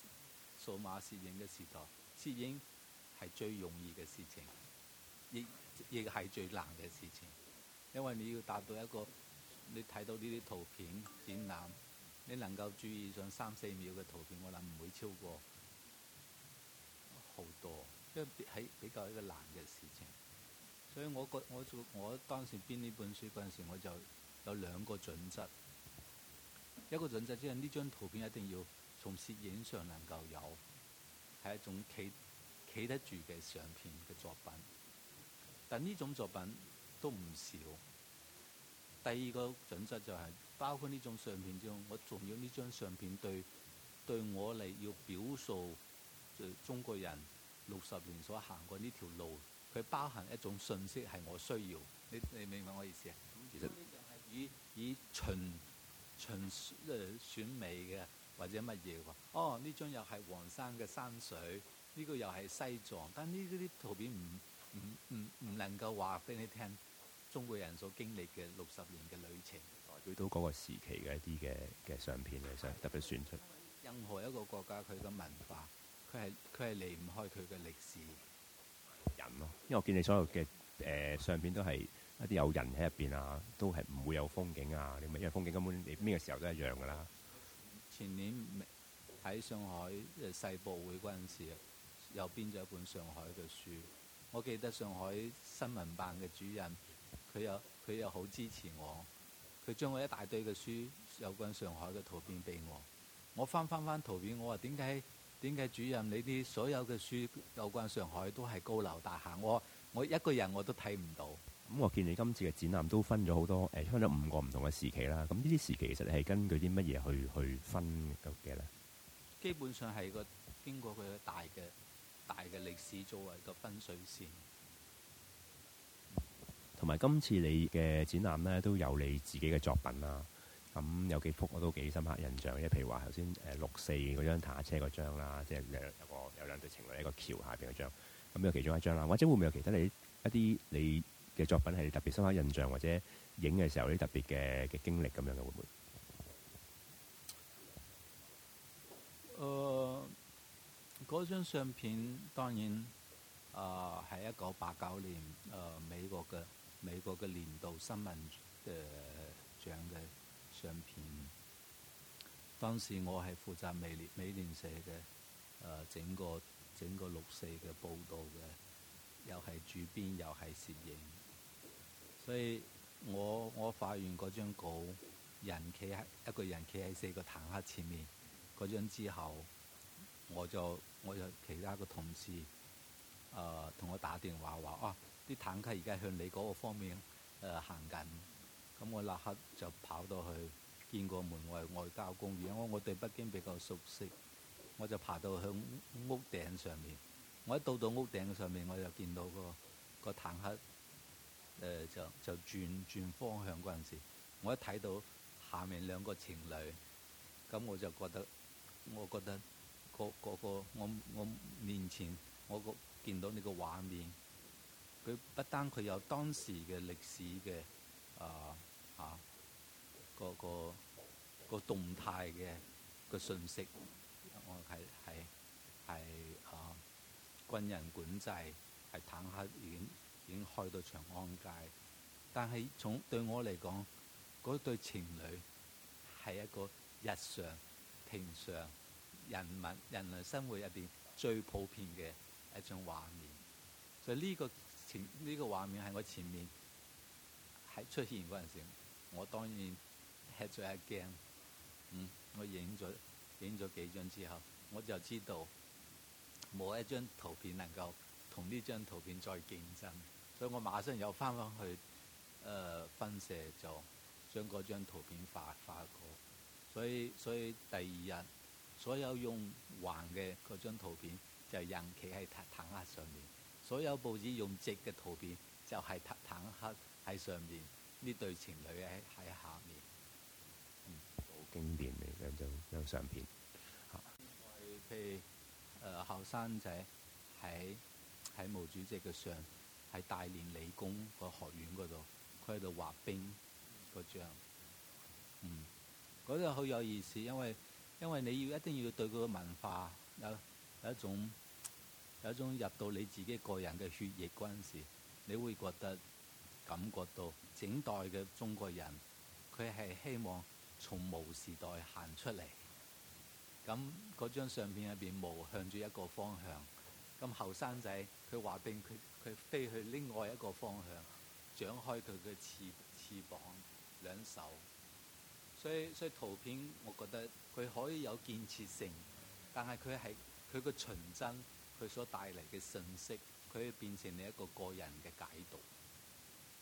數碼攝影嘅時代，攝影係最容易嘅事情，亦亦係最難嘅事情，因為你要達到一個你睇到呢啲圖片展覽。你能夠注意上三四秒嘅圖片，我諗唔會超過好多，因為係比較一個難嘅事情。所以我覺我我當時編呢本書嗰陣時，我就有兩個準則。一個準則即係呢張圖片一定要從攝影上能夠有係一種企企得住嘅相片嘅作品，但呢種作品都唔少。第二個準則就係、是。包括呢種相片之後，我仲要呢張相片對對我嚟要表述，中國人六十年所行過呢條路，佢包含一種信息係我需要。你你明唔明我意思啊？其實呢張係以以循循誒選美嘅或者乜嘢喎？哦，呢張又係黃山嘅山水，呢、這個又係西藏，但呢啲圖片唔唔唔唔能夠話俾你聽，中國人所經歷嘅六十年嘅旅程。佢都嗰個時期嘅一啲嘅嘅相片你想特別選出，任何一個國家佢嘅文化，佢係佢係離唔開佢嘅歷史人咯、啊。因為我見你所有嘅誒相片都係一啲有人喺入邊啊，都係唔會有風景啊。你咪因為風景根本你邊個時候都係一樣噶啦、啊。前年喺上海世博會嗰陣時，又編咗一本上海嘅書，我記得上海新聞辦嘅主任，佢又佢又好支持我。佢將我一大堆嘅書有關上海嘅圖片俾我，我翻翻翻圖片，我話點解點解主任你啲所有嘅書有關上海都係高樓大廈，我我一個人我都睇唔到。咁、嗯、我見你今次嘅展覽都分咗好多，誒分咗五個唔同嘅時期啦。咁呢啲時期其實係根據啲乜嘢去去分嘅咧？基本上係一個經過佢嘅大嘅大嘅歷史作為個分水線。同埋今次你嘅展覽咧，都有你自己嘅作品啦。咁、嗯、有幾幅我都幾深刻印象，即譬如話頭先誒六四嗰張坦克車嗰張啦，即係有有個有兩對情侶一個橋下邊嗰張。咁、嗯、有其中一張啦，或者會唔會有其他你一啲你嘅作品係特別深刻印象，或者影嘅時候啲特別嘅嘅經歷咁樣嘅會唔會？誒、呃，嗰張相片當然誒係一九八九年誒、呃、美國嘅。美國嘅年度新聞嘅獎嘅相片，當時我係負責美聯美聯社嘅，誒、呃、整個整個六四嘅報道嘅，又係主編，又係攝影，所以我我發完嗰張稿，人企喺一個人企喺四個坦克前面嗰張之後，我就我有其他嘅同事誒同、呃、我打電話話啊。啲坦克而家向你嗰個方面誒、呃、行緊，咁、嗯、我立刻就跑到去見過門外外交公園，因為我，我對北京比較熟悉，我就爬到響屋頂上面。我一到到屋頂上面，我就見到個個坦克誒、呃、就就轉轉方向嗰陣時，我一睇到下面兩個情侶，咁、嗯、我就覺得我覺得個個我我，我面前我個見到你個畫面。佢不單佢有當時嘅歷史嘅誒，吓、啊，嗰、啊、個個，個動態嘅個信息，我係係係啊軍人管制係坦克已經已經開到長安街，但係從對我嚟講，嗰對情侶係一個日常平常人民人類生活入邊最普遍嘅一種畫面，就呢、這個。呢個畫面喺我前面喺出現嗰陣時，我當然吃咗一驚。嗯，我影咗影咗幾張之後，我就知道冇一張圖片能夠同呢張圖片再競爭，所以我馬上又翻返去誒，分社，就將嗰張圖片發發過。所以所以第二日所有用橫嘅嗰張圖片，就人企喺坦克上面。所有報紙用直嘅圖片，就係坦克喺上面，呢對情侶喺喺下面。好、嗯、經典嚟，嘅，張張相片。嚇，例如，誒後生仔喺喺毛主席嘅上，喺大連理工個學院嗰度，佢喺度滑冰個相。嗯，嗰啲好有意思，因為因為你要一定要對個文化有有一種。有一種入到你自己個人嘅血液嗰陣時，你會覺得感覺到整代嘅中國人，佢係希望從毛時代行出嚟。咁嗰張相片入邊，毛向住一個方向，咁後生仔，佢話定佢佢飛去另外一個方向，張開佢嘅翅翅膀兩手。所以所以圖片，我覺得佢可以有建設性，但係佢係佢嘅純真。佢所帶嚟嘅信息，佢變成你一個個人嘅解讀。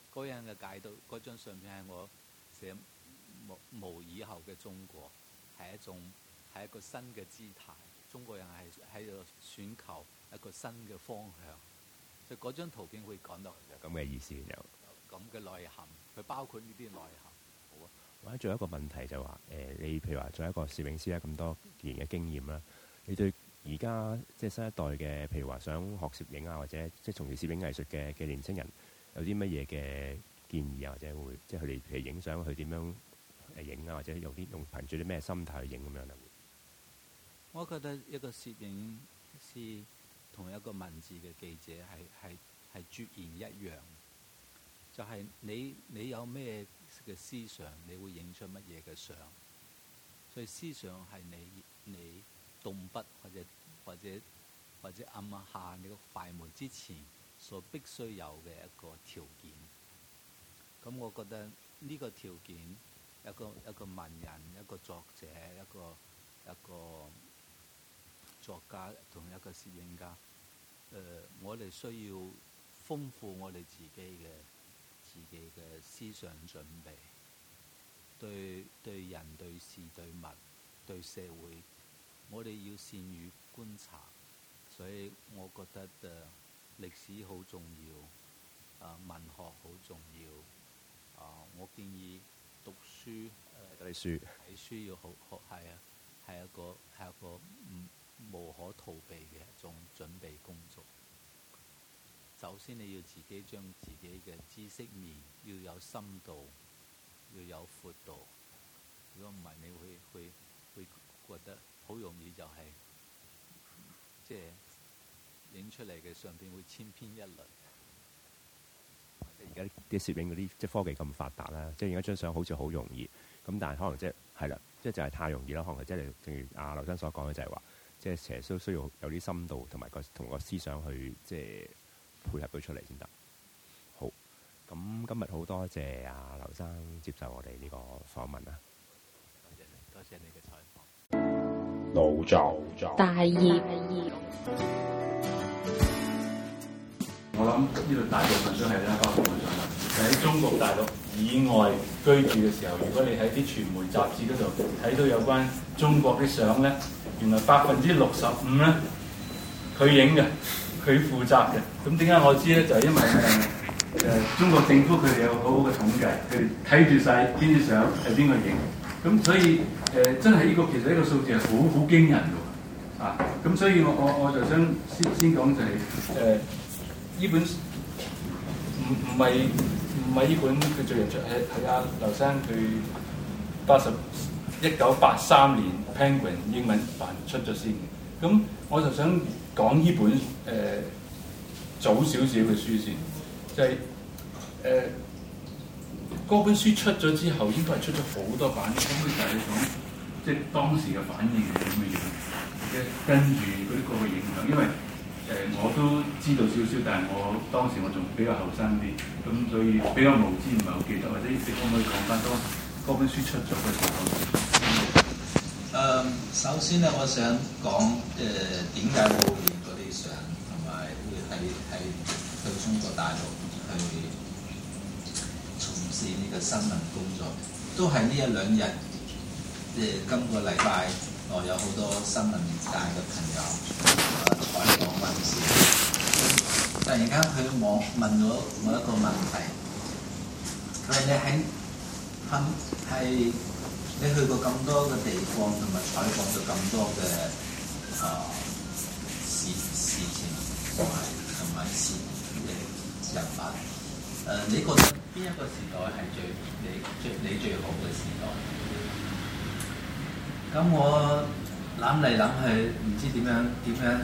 個人嘅解讀，嗰張相片係我寫毛以後嘅中國，係一種係一個新嘅姿態。中國人係喺度選求一個新嘅方向。就嗰張圖片會講到咁嘅意思，有咁嘅內涵，佢包括呢啲內涵。好啊，或者仲有一個問題就係話，呃，你譬如話做一個攝影師啦，咁多年嘅經驗啦，你對而家即係新一代嘅，譬如話想學攝影啊，或者即係從事攝影藝術嘅嘅年青人，有啲乜嘢嘅建議啊，或者會即係佢哋譬如影相，佢點樣影啊，或者用啲用憑住啲咩心態去影咁樣咧？我覺得一個攝影師同一個文字嘅記者係係係絕然一樣，就係、是、你你有咩嘅思想，你會影出乜嘢嘅相，所以思想係你你。你動筆或者或者或者按一下你個快門之前所必須有嘅一個條件，咁、嗯、我覺得呢個條件一個一個文人、一個作者、一個一個作家同一個攝影家，誒、呃，我哋需要豐富我哋自己嘅自己嘅思想準備，對對人、對事、對物、對社會。我哋要善於觀察，所以我覺得誒、呃、歷史好重要，啊、呃、文學好重要啊、呃。我建議讀書睇書睇書要好學，係啊係一個係一個,一個無,無可逃避嘅一種準備工作。首先你要自己將自己嘅知識面要有深度，要有闊度。如果唔係，你會會會覺得。好容易就係、是，即係影出嚟嘅相片會千篇一律。即係而家啲啲攝影嗰啲，即係科技咁發達啦，即係影一張相好似好容易。咁但係可能即係係啦，即係就係太容易啦。可能即係，正如阿劉生所講嘅就係、是、話，即係成日都需要有啲深度同埋個同個思想去即係配合到出嚟先得。好，咁今日好多謝阿劉生接受我哋呢個訪問啦。多謝你，多謝你嘅彩。老就就，大二大二。我諗呢度大部分都係新加坡公民。喺中國大陸以外居住嘅時候，如果你喺啲傳媒雜誌嗰度睇到有關中國啲相咧，原來百分之六十五咧，佢影嘅，佢負責嘅。咁點解我知咧？就係因為誒，誒、呃、中國政府佢哋有好好嘅統計，佢哋睇住晒邊啲相，係邊個影。咁所以誒、呃、真係呢、呢個其實呢個數字係好好驚人㗎喎，啊！咁所以我我我就想先先講，就係誒呢本唔唔係唔係呢本叫做人出係係阿劉生佢八十一九八三年 Penguin 英文版出咗先嘅，咁我就想講呢本誒、呃、早少少嘅書先，就係、係、誒。呃嗰本書出咗之後，應該係出咗好多版。咁佢就係講，即係當時嘅反應係點樣？跟跟住嗰啲個個影響，因為誒、呃、我都知道少少，但係我當時我仲比較後生啲，咁所以比較無知，唔係好記得。或者啲事可唔可以講翻多？嗰本書出咗嘅時候，誒、嗯，首先咧，我想講誒點解報業嗰啲上同埋係係去中國大陸？呢個新聞工作都係呢一兩日，即、呃、係今個禮拜，我有好多新聞界嘅朋友、啊、採訪我嘅事。突然間，佢網問咗我某一個問題，佢話你喺係、嗯、你去過咁多嘅地方，同埋採訪咗咁多嘅啊事情事件，同埋同埋事件嘅人物。啊誒，你覺得邊一個時代係最你最你最好嘅時代？咁、嗯嗯、我諗嚟諗去，唔知點樣點樣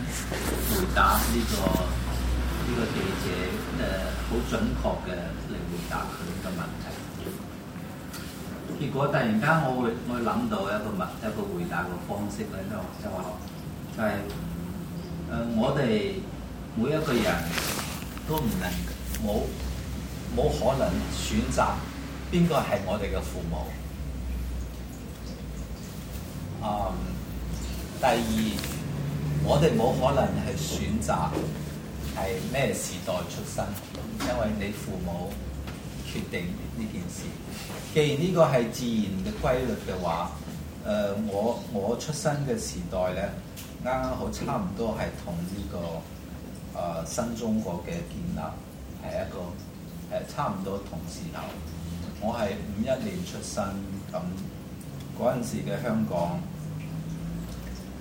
回答呢、這個呢、這個記者誒好、呃、準確嘅嚟回答佢呢個問題。結果突然間，我會我諗到一個問一個回答嘅方式咧，即係即就係誒、呃，我哋每一個人都唔能冇。冇可能選擇邊個係我哋嘅父母。啊、嗯，第二，我哋冇可能係選擇係咩時代出生，因為你父母決定呢件事。既然呢個係自然嘅規律嘅話，誒、呃、我我出生嘅時代咧，啱啱好差唔多係同呢個誒、呃、新中國嘅建立係一個。誒差唔多同時候，我係五一年出生，咁嗰陣時嘅香港，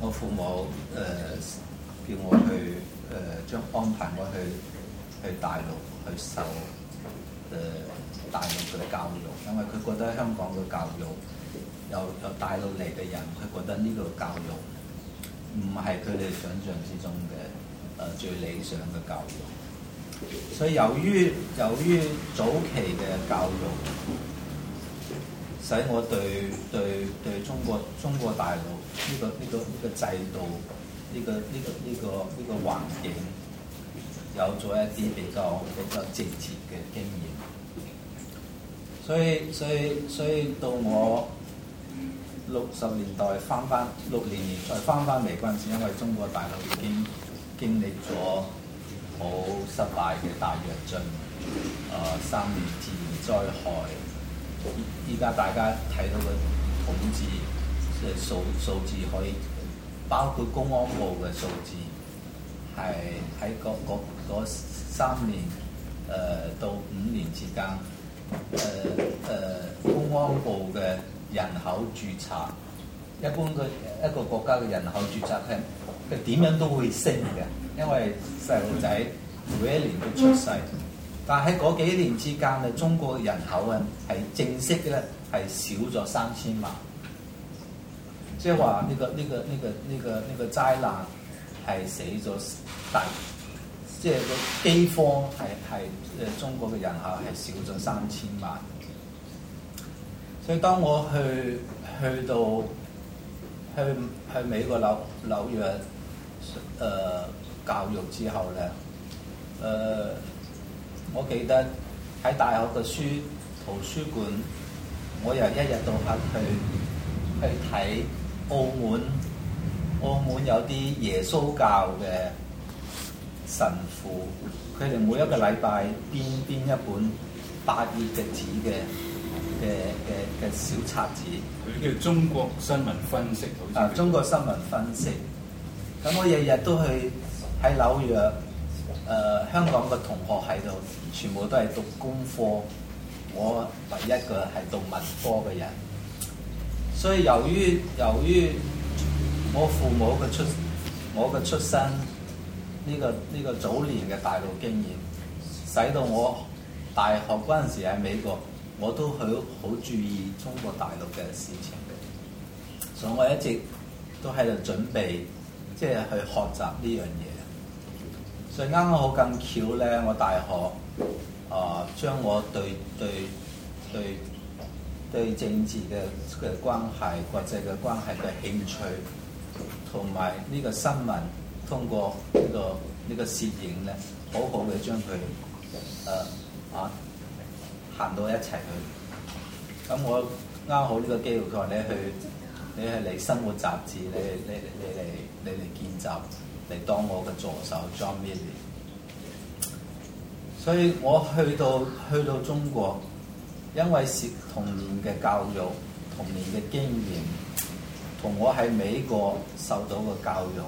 我父母誒、呃、叫我去誒將、呃、安排我去去大陸去受誒、呃、大陸嘅教育，因為佢覺得香港嘅教育有有大陸嚟嘅人，佢覺得呢個教育唔係佢哋想像之中嘅誒最理想嘅教育。所以由於由於早期嘅教育，使我對對對中國中國大陸呢個呢個呢個制度，呢個呢個呢個呢個環境有咗一啲比較比較直接嘅經驗。所以所以所以到我六十年代翻翻六零年代，翻翻嚟，嗰陣時因為中國大陸已經經歷咗好失敗嘅大躍進，啊、呃、三年自然災害，依家大家睇到嘅統治嘅數數字可以包括公安部嘅數字，係喺嗰三年誒、呃、到五年之間，誒、呃、誒、呃、公安部嘅人口註冊，一般嘅一個國家嘅人口註冊係佢點樣都會升嘅。因為細路仔每一年都出世，但喺嗰幾年之間咧，中國嘅人口啊係正式咧係少咗三千萬，即係話呢個呢個呢個呢個呢個呢個災難係死咗大，即係個饑荒係係誒中國嘅人口係少咗三千萬。所以當我去去到去去美國紐紐約誒。呃教育之後咧，誒、呃，我記得喺大學嘅書圖書館，我由一日到黑去去睇澳門澳門有啲耶穌教嘅神父，佢哋每一個禮拜編編一本八頁嘅紙嘅嘅嘅嘅小冊子，叫中、啊《中國新聞分析》。啊，《中國新聞分析》，咁我日日都去。喺紐約誒、呃、香港嘅同學喺度，全部都係讀工科，我唯一個係讀文科嘅人。所以由於由於我父母嘅出，我嘅出身呢、這個呢、這個早年嘅大陸經驗使到我大學嗰陣時喺美國我都好好注意中國大陸嘅事情嘅，所以我一直都喺度準備即係、就是、去學習呢樣嘢。就啱啱好咁巧咧，我大學啊，將、呃、我對對對對政治嘅嘅關係、國際嘅關係嘅興趣，同埋呢個新聞，通過呢、呢個呢、呢個攝、呢個、影咧，好好嘅將佢誒啊行到一齊去。咁、嗯、我啱好呢個機會，佢話你去，你係嚟生活雜誌，你你你嚟你嚟見習。你嚟當我嘅助手，Gjon Mili。所以我去到去到中國，因為是童年嘅教育、童年嘅經驗，同我喺美國受到嘅教育，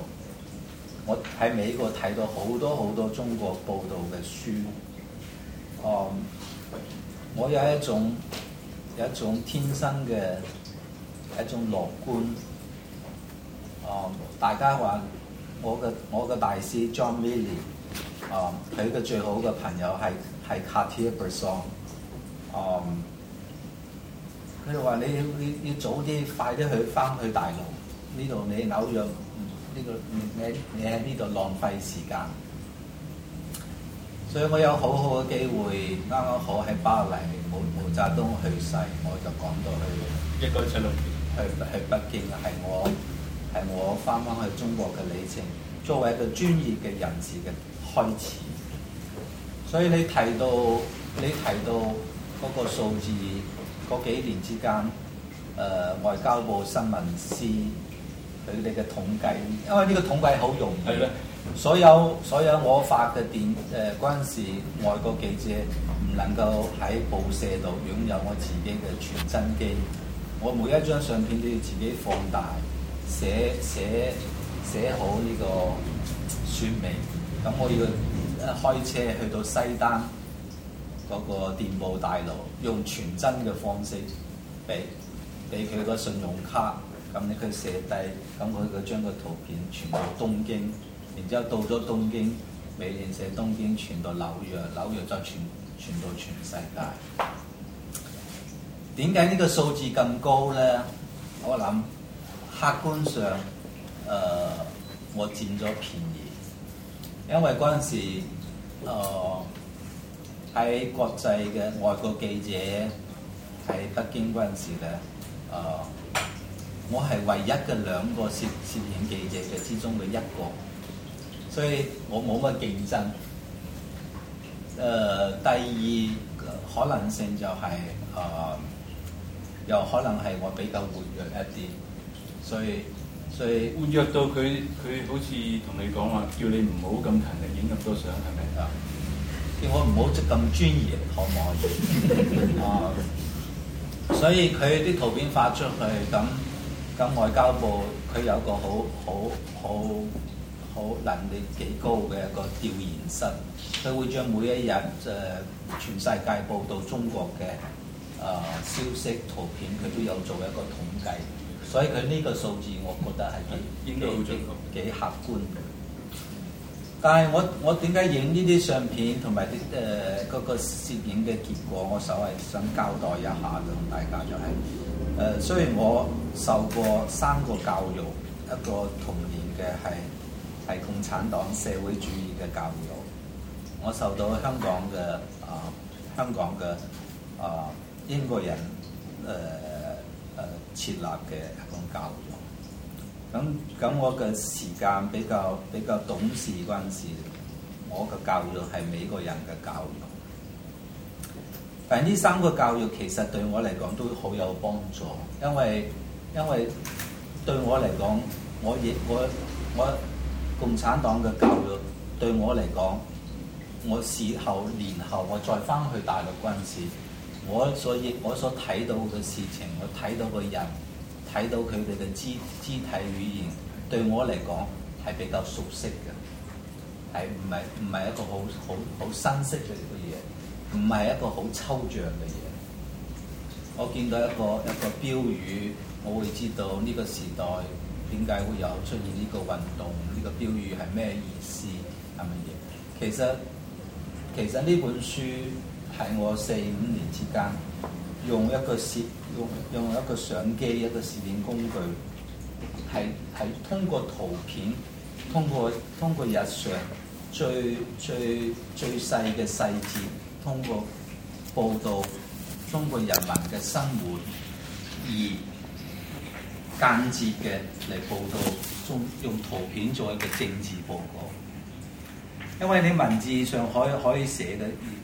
我喺美國睇到好多好多中國報道嘅書。哦、嗯，我有一種有一種天生嘅一種樂觀。哦、嗯，大家話。我嘅我嘅大師 John Milly，啊、um，佢嘅最好嘅朋友係係 Cartier-Bresson，啊，佢話、um, 你要你要早啲快啲去返去大陸，呢度你紐約呢、嗯這個、嗯、你你喺呢度浪費時間，所以我有好好嘅機會，啱啱好喺巴黎毛毛澤東去世，我就趕到去，一九七六年去去北京係我。係我翻返去中國嘅里程，作為一個專業嘅人士嘅開始。所以你提到，你提到嗰個數字，嗰幾年之間，誒、呃、外交部新聞司佢哋嘅統計，因為呢個統計好容易。係咩？所有所有我發嘅電，誒、嗰陣外國記者唔能夠喺報社度擁有我自己嘅傳真機，我每一張相片都要自己放大。寫寫寫好呢個説明，咁我要開車去到西單嗰個電報大樓，用傳真嘅方式俾俾佢個信用卡，咁你佢寫低，咁佢佢將個圖片傳到東京，然之後到咗東京，美聯社東京傳到紐約，紐約再傳傳到全世界。點解呢個數字咁高呢？我諗。客觀上，誒、呃，我佔咗便宜，因為嗰陣時，喺、呃、國際嘅外國記者喺北京嗰陣時咧，誒、呃，我係唯一嘅兩個攝攝影記者嘅之中嘅一個，所以我冇乜競爭。誒、呃，第二可能性就係、是、誒、呃，有可能係我比較活躍一啲。所以所以會約到佢，佢好似同你講話，叫你唔好咁勤力影咁多相，係咪啊？叫我唔好咁專業，可唔可以？ [laughs] [laughs] 啊，所以佢啲圖片發出去，咁咁外交部佢有個好好好好能力幾高嘅一個調研室，佢會將每一日誒、呃、全世界報道中國嘅啊、呃、消息圖片，佢都有做一個統計。所以佢呢個數字，我覺得係，幾幾客觀。但係，我我點解影呢啲相片同埋誒嗰個攝影嘅結果，我稍為想交代一下同大家，就係，誒雖然我受過三個教育，一個童年嘅係係共產黨社會主義嘅教育，我受到香港嘅啊、呃、香港嘅啊、呃、英國人誒。呃設立嘅一種教育，咁咁我嘅時間比較比較懂事嗰陣時，我嘅教育係美國人嘅教育，但係呢三個教育其實對我嚟講都好有幫助，因為因為對我嚟講，我亦我我，我共產黨嘅教育對我嚟講，我事後年後我再翻去大陸嗰陣時。我所以我所睇到嘅事情，我睇到嘅人，睇到佢哋嘅肢肢體語言，對我嚟講，係比較熟悉嘅，係唔係，唔係一個好好好新式嘅嘢，唔係一個好抽象嘅嘢。我見到一個一個標語，我會知道呢個時代點解會有出現呢個運動，呢個標語係咩意思，係咪嘢？其實其實呢本書。喺我四五年之間，用一個攝用用一個相機一個攝影工具，係係通過圖片，通過通過日常最最最細嘅細節，通過報道中國人民嘅生活，而間接嘅嚟報道中用圖片做一個政治報告，因為你文字上可以可以寫嘅。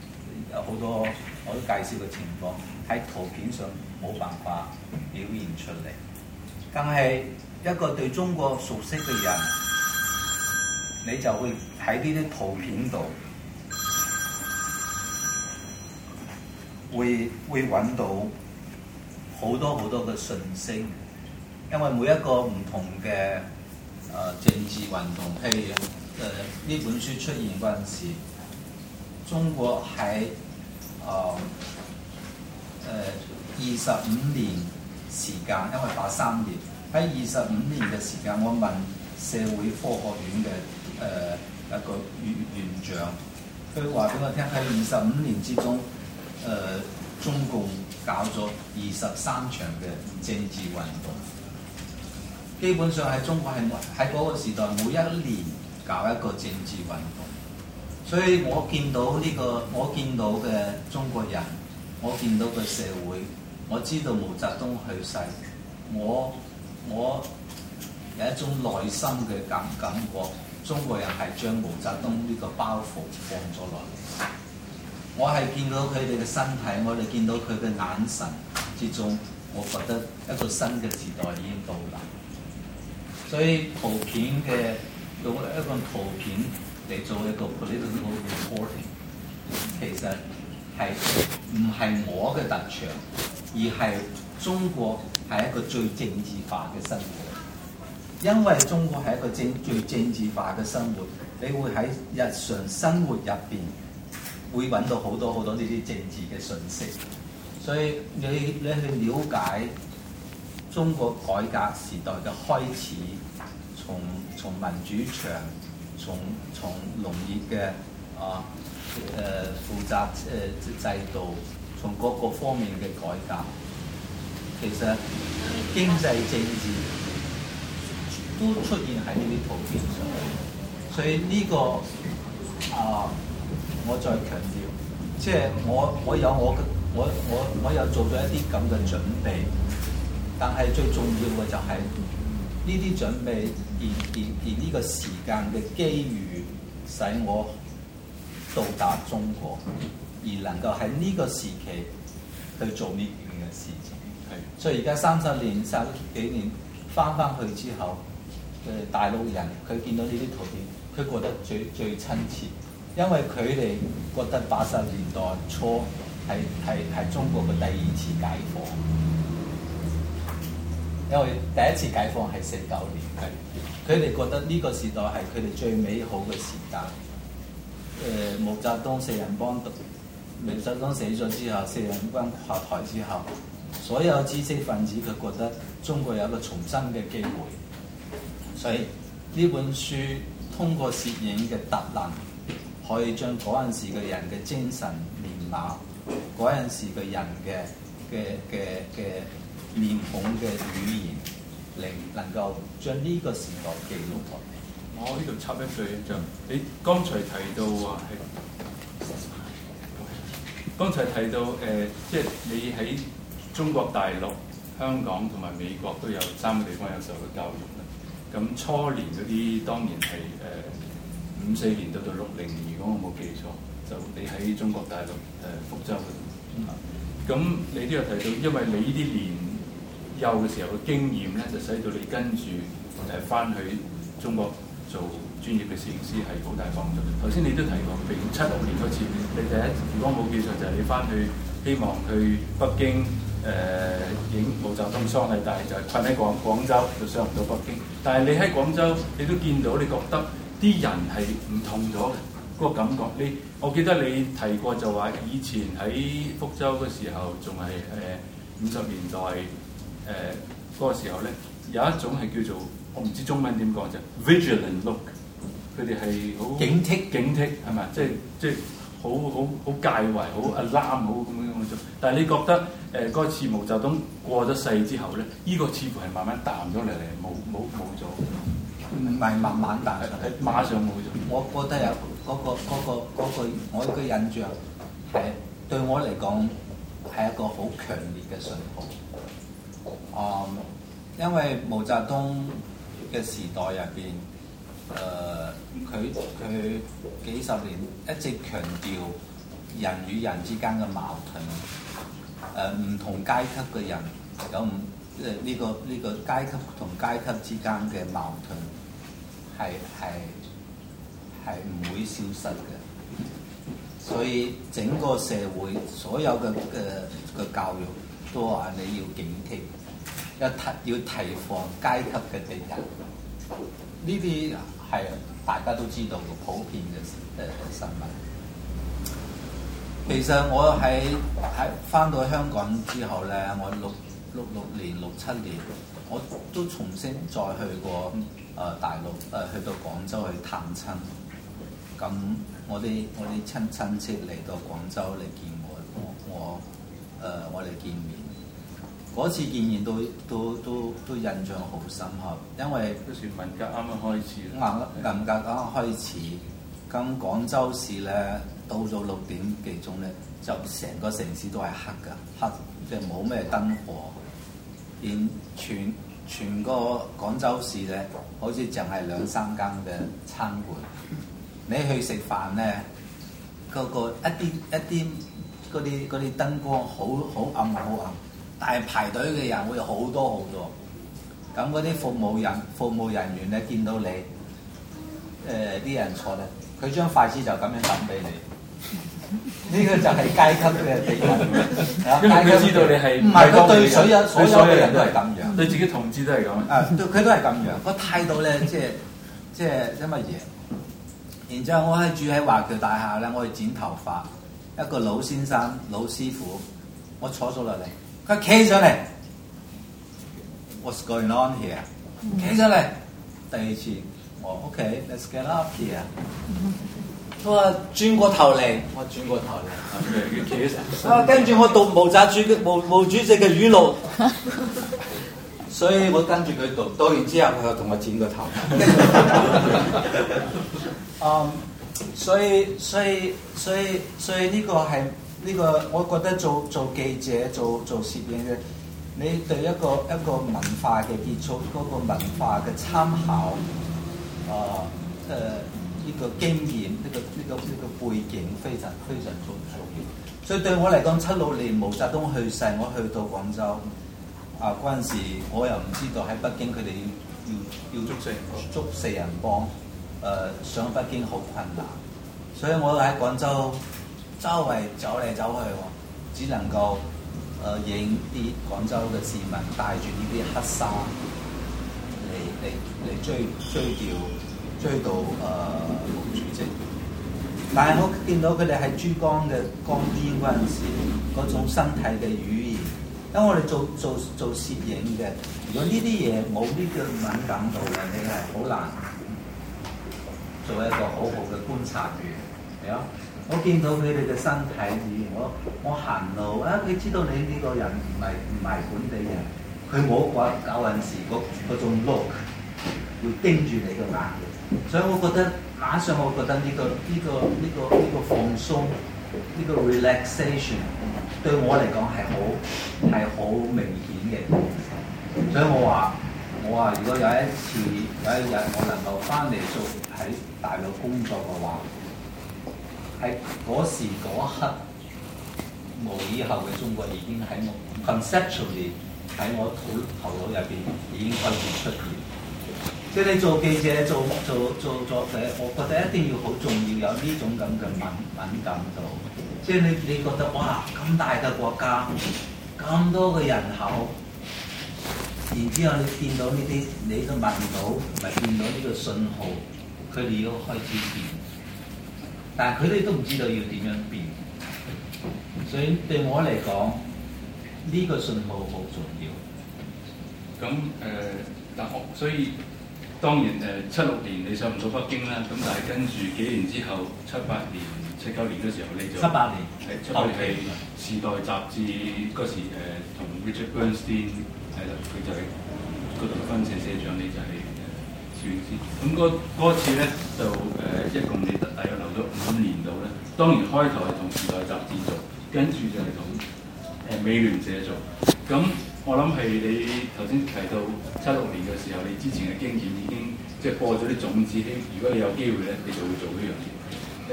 有好多我都介紹嘅情況，喺圖片上冇辦法表現出嚟，但係一個對中國熟悉嘅人，你就會喺呢啲圖片度會會揾到好多好多嘅信息，因為每一個唔同嘅誒政治運動，譬如誒呢本書出現嗰陣時。中國喺誒誒二十五年時間，因為八三年喺二十五年嘅時間，我問社會科學院嘅誒、呃、一個院院長，佢話俾我聽，喺二十五年之中，誒、呃、中共搞咗二十三場嘅政治運動，基本上喺中國係喺嗰個時代每一年搞一個政治運。所以我見到呢個，我見到嘅中國人，我見到嘅社會，我知道毛澤東去世，我我有一種內心嘅感感覺，中國人係將毛澤東呢個包袱放咗落嚟。我係見到佢哋嘅身體，我哋見到佢嘅眼神之中，我覺得一個新嘅時代已經到嚟。所以圖片嘅用一個圖片嚟做一個 political reporting，其實係唔係我嘅特長，而係中國係一個最政治化嘅生活。因為中國係一個政最政治化嘅生活，你會喺日常生活入邊會揾到好多好多呢啲政治嘅信息。所以你你去了解中國改革時代嘅開始，從從民主牆，從從農業嘅啊誒、呃、負責誒、呃、制度，從各個方面嘅改革，其實經濟政治都出現喺呢啲圖片上，所以呢、這個啊我再強調，即、就、係、是、我我有我嘅我我我有做咗一啲咁嘅準備，但係最重要嘅就係呢啲準備。而而而呢個時間嘅機遇，使我到達中國，而能夠喺呢個時期去做呢件嘅事情。係是，所以而家三十年、三十十幾年返返去之後，嘅大陸人佢見到呢啲圖片，佢覺得最最親切，因為佢哋覺得八十年代初係係係中國嘅第二次解放，因為第一次解放係四九年係。佢哋覺得呢個時代係佢哋最美好嘅時間。誒、呃，毛澤東四人幫，毛澤東死咗之後，四人幫垮台之後，所有知識分子佢覺得中國有一個重生嘅機會。所以呢本書通過攝影嘅特能，可以將嗰陣時嘅人嘅精神面貌，嗰陣時嘅人嘅嘅嘅嘅面孔嘅語言。嚟能夠將呢個時代記錄落嚟。我呢度插一句啊，嗯、你剛才提到話係，剛才提到誒、呃，即係你喺中國大陸、香港同埋美國都有三個地方有受過教育。咁初年嗰啲當然係誒五四年到到六零年，如果我冇記錯，就你喺中國大陸誒、呃、福州。咁、嗯、你都有提到，因為你呢啲年幼嘅時候嘅經驗咧，就使到你跟住就翻去中國做專業嘅攝影師係好大幫助。頭先你都提過，譬如七六年嗰次，你第一次，如果冇記錯，就係、是、你翻去希望去北京誒影、呃、毛澤東喪禮，但係就係困喺廣廣州就上唔到北京。但係你喺廣州，你都見到你覺得啲人係唔同咗嘅嗰個感覺。你我記得你提過就話，以前喺福州嘅時候仲係誒五十年代。誒嗰、呃那個時候咧，有一種係叫做我唔知中文點講就、哦、vigilant look，佢哋係好警惕警惕係咪？即係即係好好好介懷好 alarm 好咁樣咁樣，但係你覺得誒嗰次毛澤東過咗世之後咧，呢、這個似乎係慢慢淡咗嚟嚟，冇冇冇咗。唔係慢慢淡，係馬上冇咗。我覺得有、啊、嗰、那個嗰、那個嗰句、那個那個，我嘅印象係對我嚟講係一個好強烈嘅信號。啊，um, 因為毛澤東嘅時代入邊，誒、呃，佢佢幾十年一直強調人與人之間嘅矛盾，誒、呃，唔同階級嘅人有唔誒呢個呢、呢個階級同階級之間嘅矛盾係係係唔會消失嘅，所以整個社會所有嘅嘅嘅教育都話你要警惕。要提要提防階級嘅敵人，呢啲係大家都知道嘅普遍嘅誒新聞。其實我喺喺翻到香港之後咧，我六六六年、六七年，我都重新再去過誒、呃、大陸誒、呃、去到廣州去探親。咁我哋我哋親親戚嚟到廣州嚟見我，我誒我哋、呃、見面。嗰次仍然都都都都印象好深刻，因為都算文革啱啱開始，文文革啱啱開始，咁廣州市咧到咗六點幾鐘咧，就成個城市都係黑㗎，黑即係冇咩燈火，連全全個廣州市咧，好似淨係兩三間嘅餐館，你去食飯咧，嗰個一啲一啲嗰啲嗰啲燈光好好暗好暗。但係排隊嘅人會有好多好多，咁嗰啲服務人服務人員咧見到你，誒、呃、啲人坐咧，佢將筷子就咁樣抌俾你，呢、這個就係階級嘅地獄。 [laughs] 因為佢知道你係唔係佢對所有所有嘅人都係咁樣，對自己同志都係咁樣。啊，佢都係咁樣，個、嗯、態度咧即係即係因乜嘢。就是就是、然之後我喺住喺華僑大廈咧，我去剪頭髮，一個老先生老師傅，我坐咗落嚟。佢企上嚟，What's going on here？企上嚟，第二次，我 OK，let's、okay, get up here。佢話轉過頭嚟，我轉過頭嚟。跟住、okay, good 我讀毛主席嘅毛毛主席嘅語錄， [laughs] 所以我跟住佢讀。讀完之後，佢就同我剪個頭。啊、 [laughs] um，所以所以所以所以呢、這個係。呢、這個我覺得做做記者做做攝影嘅，你對一個一個文化嘅結束，嗰個文化嘅參考，啊、呃，誒、呃、呢個經驗呢個呢個呢個背景非常非常重重要。所以對我嚟講，七六年毛澤東去世，我去到廣州，啊，嗰陣時我又唔知道喺北京佢哋要要捉、捉四人幫，誒、呃、上北京好困難，所以我喺廣州。周圍走嚟走去喎，只能夠誒影啲廣州嘅市民帶住呢啲黑紗嚟嚟嚟追追掉追到誒毛主席。但係我見到佢哋喺珠江嘅江邊嗰陣時，嗰、嗯、種身體嘅語言，因為我哋做做做攝影嘅，如果呢啲嘢冇呢個敏感度咧，你係好難做一個好好嘅觀察員，係啊。我見到佢哋嘅身體，我我行路啊！佢知道你呢個人唔係唔係本地人，佢冇講舊陣時嗰種 look，會盯住你嘅眼。所以，我覺得馬上我覺得呢個呢個呢個呢個放鬆，呢個 relaxation 對我嚟講係好係好明顯嘅。所以我話我話，如果有一次有一日我能夠翻嚟做喺大陸工作嘅話，喺嗰時嗰刻，我以後嘅中國已經喺 [noise] conceptually 喺我頭頭腦入邊已經開始出現。即係你做記者、做做做作者，我覺得一定要好重要，有呢種咁嘅敏敏感度。即係你你覺得哇，咁大嘅國家，咁多嘅人口，然之後你見到呢啲，你都問到，同埋見到呢個信號，佢哋要開始變。但係佢哋都唔知道要點樣變，所以對我嚟講，呢、呢個信號好重要。咁誒，但、呃、所以當然誒七六年你上唔到北京啦，咁但係跟住幾年之後七八年、七九年嘅時候你就七八年，係出到去時代雜誌嗰時，同 Richard Bernstein 係啦，佢、呃、就係嗰度分社社長，你就係、係。咁嗰嗰次咧就誒，一共你大約留咗五年度咧。當然開頭係同《時代雜誌》做，跟住就係同誒美聯社做。咁我諗係你頭先提到七六年嘅時候，你之前嘅經驗已經即係播咗啲種子。咁如果你有機會咧，你就會做呢樣嘢。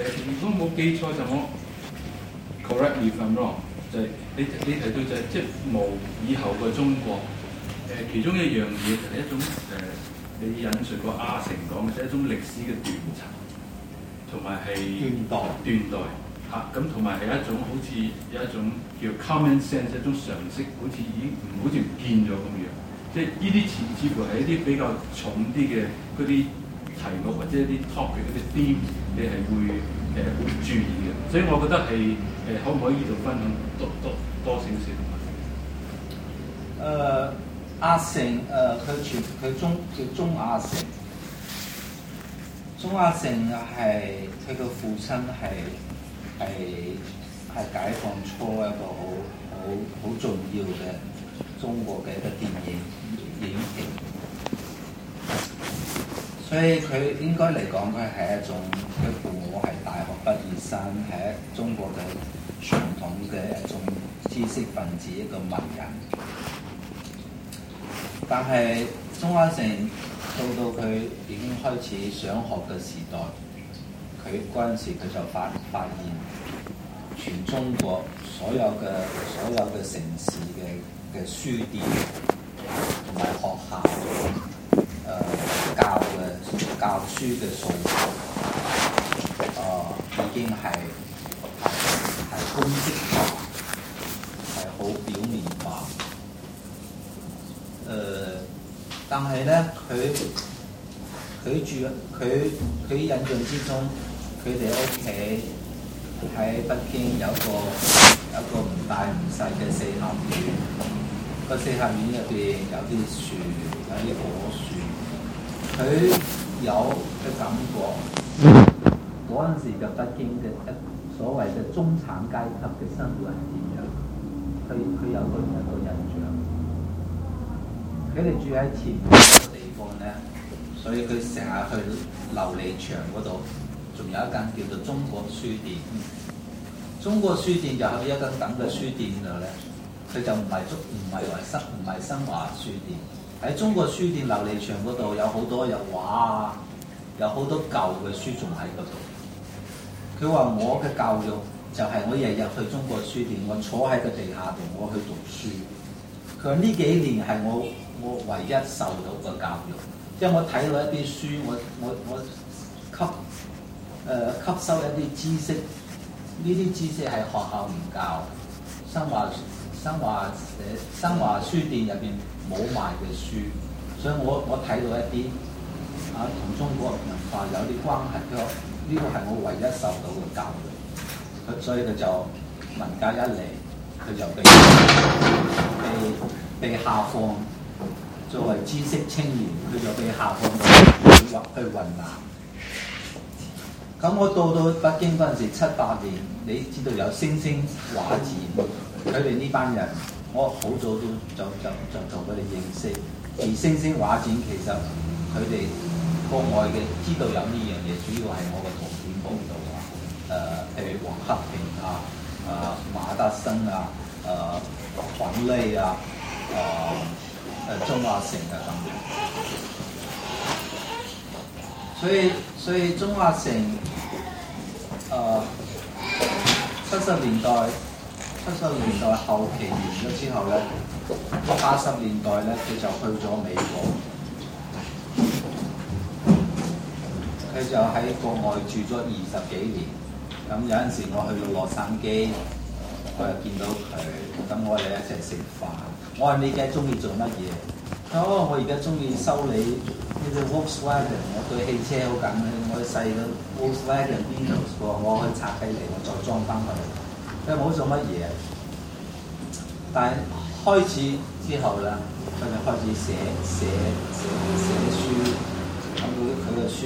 誒，如果冇記錯就我 correct me if wrong，就係你你提到就係即係毛以後嘅中國誒，其中一樣嘢就係一種誒。你引述過阿成講嘅就係一種歷史嘅斷層，同埋係斷代，斷代嚇咁，同埋係一種好似有一種叫 common sense 一種常識，好似已經唔好似唔見咗咁樣。即係呢啲似似乎係一啲比較重啲嘅嗰啲題目或者一啲 topic 嗰啲 theme，你係會誒、呃、會注意嘅。所以我覺得係誒、呃、可唔可以度分享多多多少少？誒、uh。阿成，誒、呃，佢全佢中叫鍾阿成，鍾阿成又係佢個父親，係係係解放初一個好好好重要嘅中國嘅一個電影影人，所以佢應該嚟講，佢係一種佢父母係大學畢業生，係一中國嘅傳統嘅一種知識分子一個文人。但係中華城到到佢已經開始上學嘅時代，佢嗰陣時佢就發發現全中國所有嘅所有嘅城市嘅嘅書店同埋學校誒、呃、教嘅教書嘅數目、呃、已經係係公眾。但係咧，佢佢住佢佢印象之中，佢哋屋企喺北京有個有一個唔大唔細嘅四合院，個四合院入邊有啲樹，有啲果樹。佢有嘅感覺，嗰陣時嘅北京嘅一所謂嘅中產階級嘅生活係點樣？佢佢有個有個人。佢哋住喺前面嗰個地方咧，所以佢成日去琉璃廠嗰度，仲有一間叫做中國書店。中國書店就係一間等嘅書店度咧，佢就唔係中唔係維生唔係新華書店。喺中國書店琉璃廠嗰度有好多油畫啊，有好多舊嘅書仲喺嗰度。佢話我嘅教育就係我日日去中國書店，我坐喺個地下度，我去讀書。佢話呢幾年係我。我唯一受到嘅教育，即係我睇到一啲書，我我我吸誒、呃、吸收一啲知識。呢啲知識係學校唔教，新華新華誒新華書店入邊冇賣嘅書，所以我我睇到一啲啊同中國文化有啲關係嘅，呢個係我唯一受到嘅教育。佢所以佢就文革一嚟，佢就被 [laughs] 被被下放。作為知識青年，佢就被下放到去雲南。咁我到到北京嗰陣時，七八年，你知道有星星畫展，佢哋呢班人，我好早都就就就同佢哋認識。而星星畫展其實佢哋國外嘅知道有呢樣嘢，主要係我個圖片公度啊，誒、呃、誒譬如黃克平啊，啊、呃、馬德生啊，誒、呃、黃磊啊，誒、呃。誒、呃、中華城嘅咁樣，所以所以中華城，誒七十年代七十年代後期完咗之後咧，八十年代咧佢就去咗美國，佢就喺國外住咗二十幾年，咁有陣時我去到洛杉磯，我又見到佢，咁我哋一齊食飯。我話你而家中意做乜嘢？哦，我而家中意修理呢啲 Volkswagen，我對汽車好緊嘅。我細個 Volkswagen 邊度過？我去拆起嚟，我再裝翻佢。佢冇做乜嘢，但係開始之後啦，佢就開始寫寫寫寫書，咁佢佢個書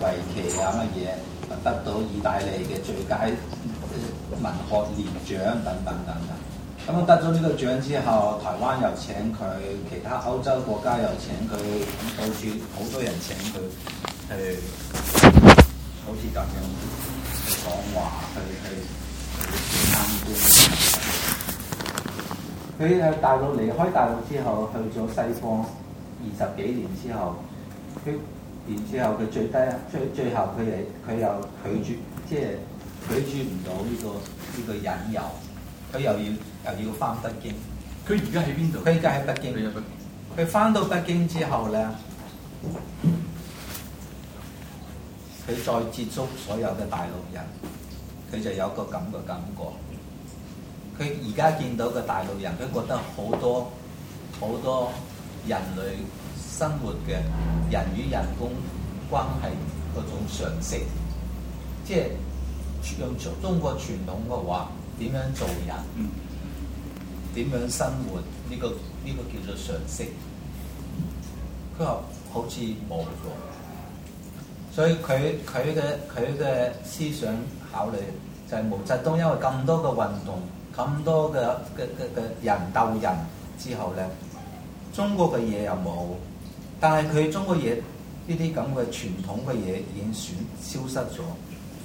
圍棋啊乜嘢，得到意大利嘅最佳文學年獎等等等等。咁啊得咗呢個獎之後，台灣又請佢，其他歐洲國家又請佢，咁到處好多人請佢去，mm hmm. 好似咁樣講話，去去參觀。佢喺大陸離開大陸之後，去咗西方二十幾年之後。佢然之後，佢最低最最後，佢哋佢又拒絕，即係拒絕唔到呢個呢個引誘。佢又要。又要翻北京，佢而家喺邊度？佢而家喺北京。佢翻到北京之後咧，佢再接觸所有嘅大陸人，佢就有個咁嘅感覺。佢而家見到嘅大陸人，佢覺得好多好多人類生活嘅人與人工關係嗰種常識，即係用中國傳統嘅話，點樣做人？點樣生活？呢、這個呢、這個叫做常識。佢話好似冇喎，所以佢佢嘅佢嘅思想考慮就係、是、毛澤東，因為咁多嘅運動，咁多嘅嘅嘅人鬥人之後咧，中國嘅嘢又冇，但係佢中國嘢呢啲咁嘅傳統嘅嘢已經損消失咗。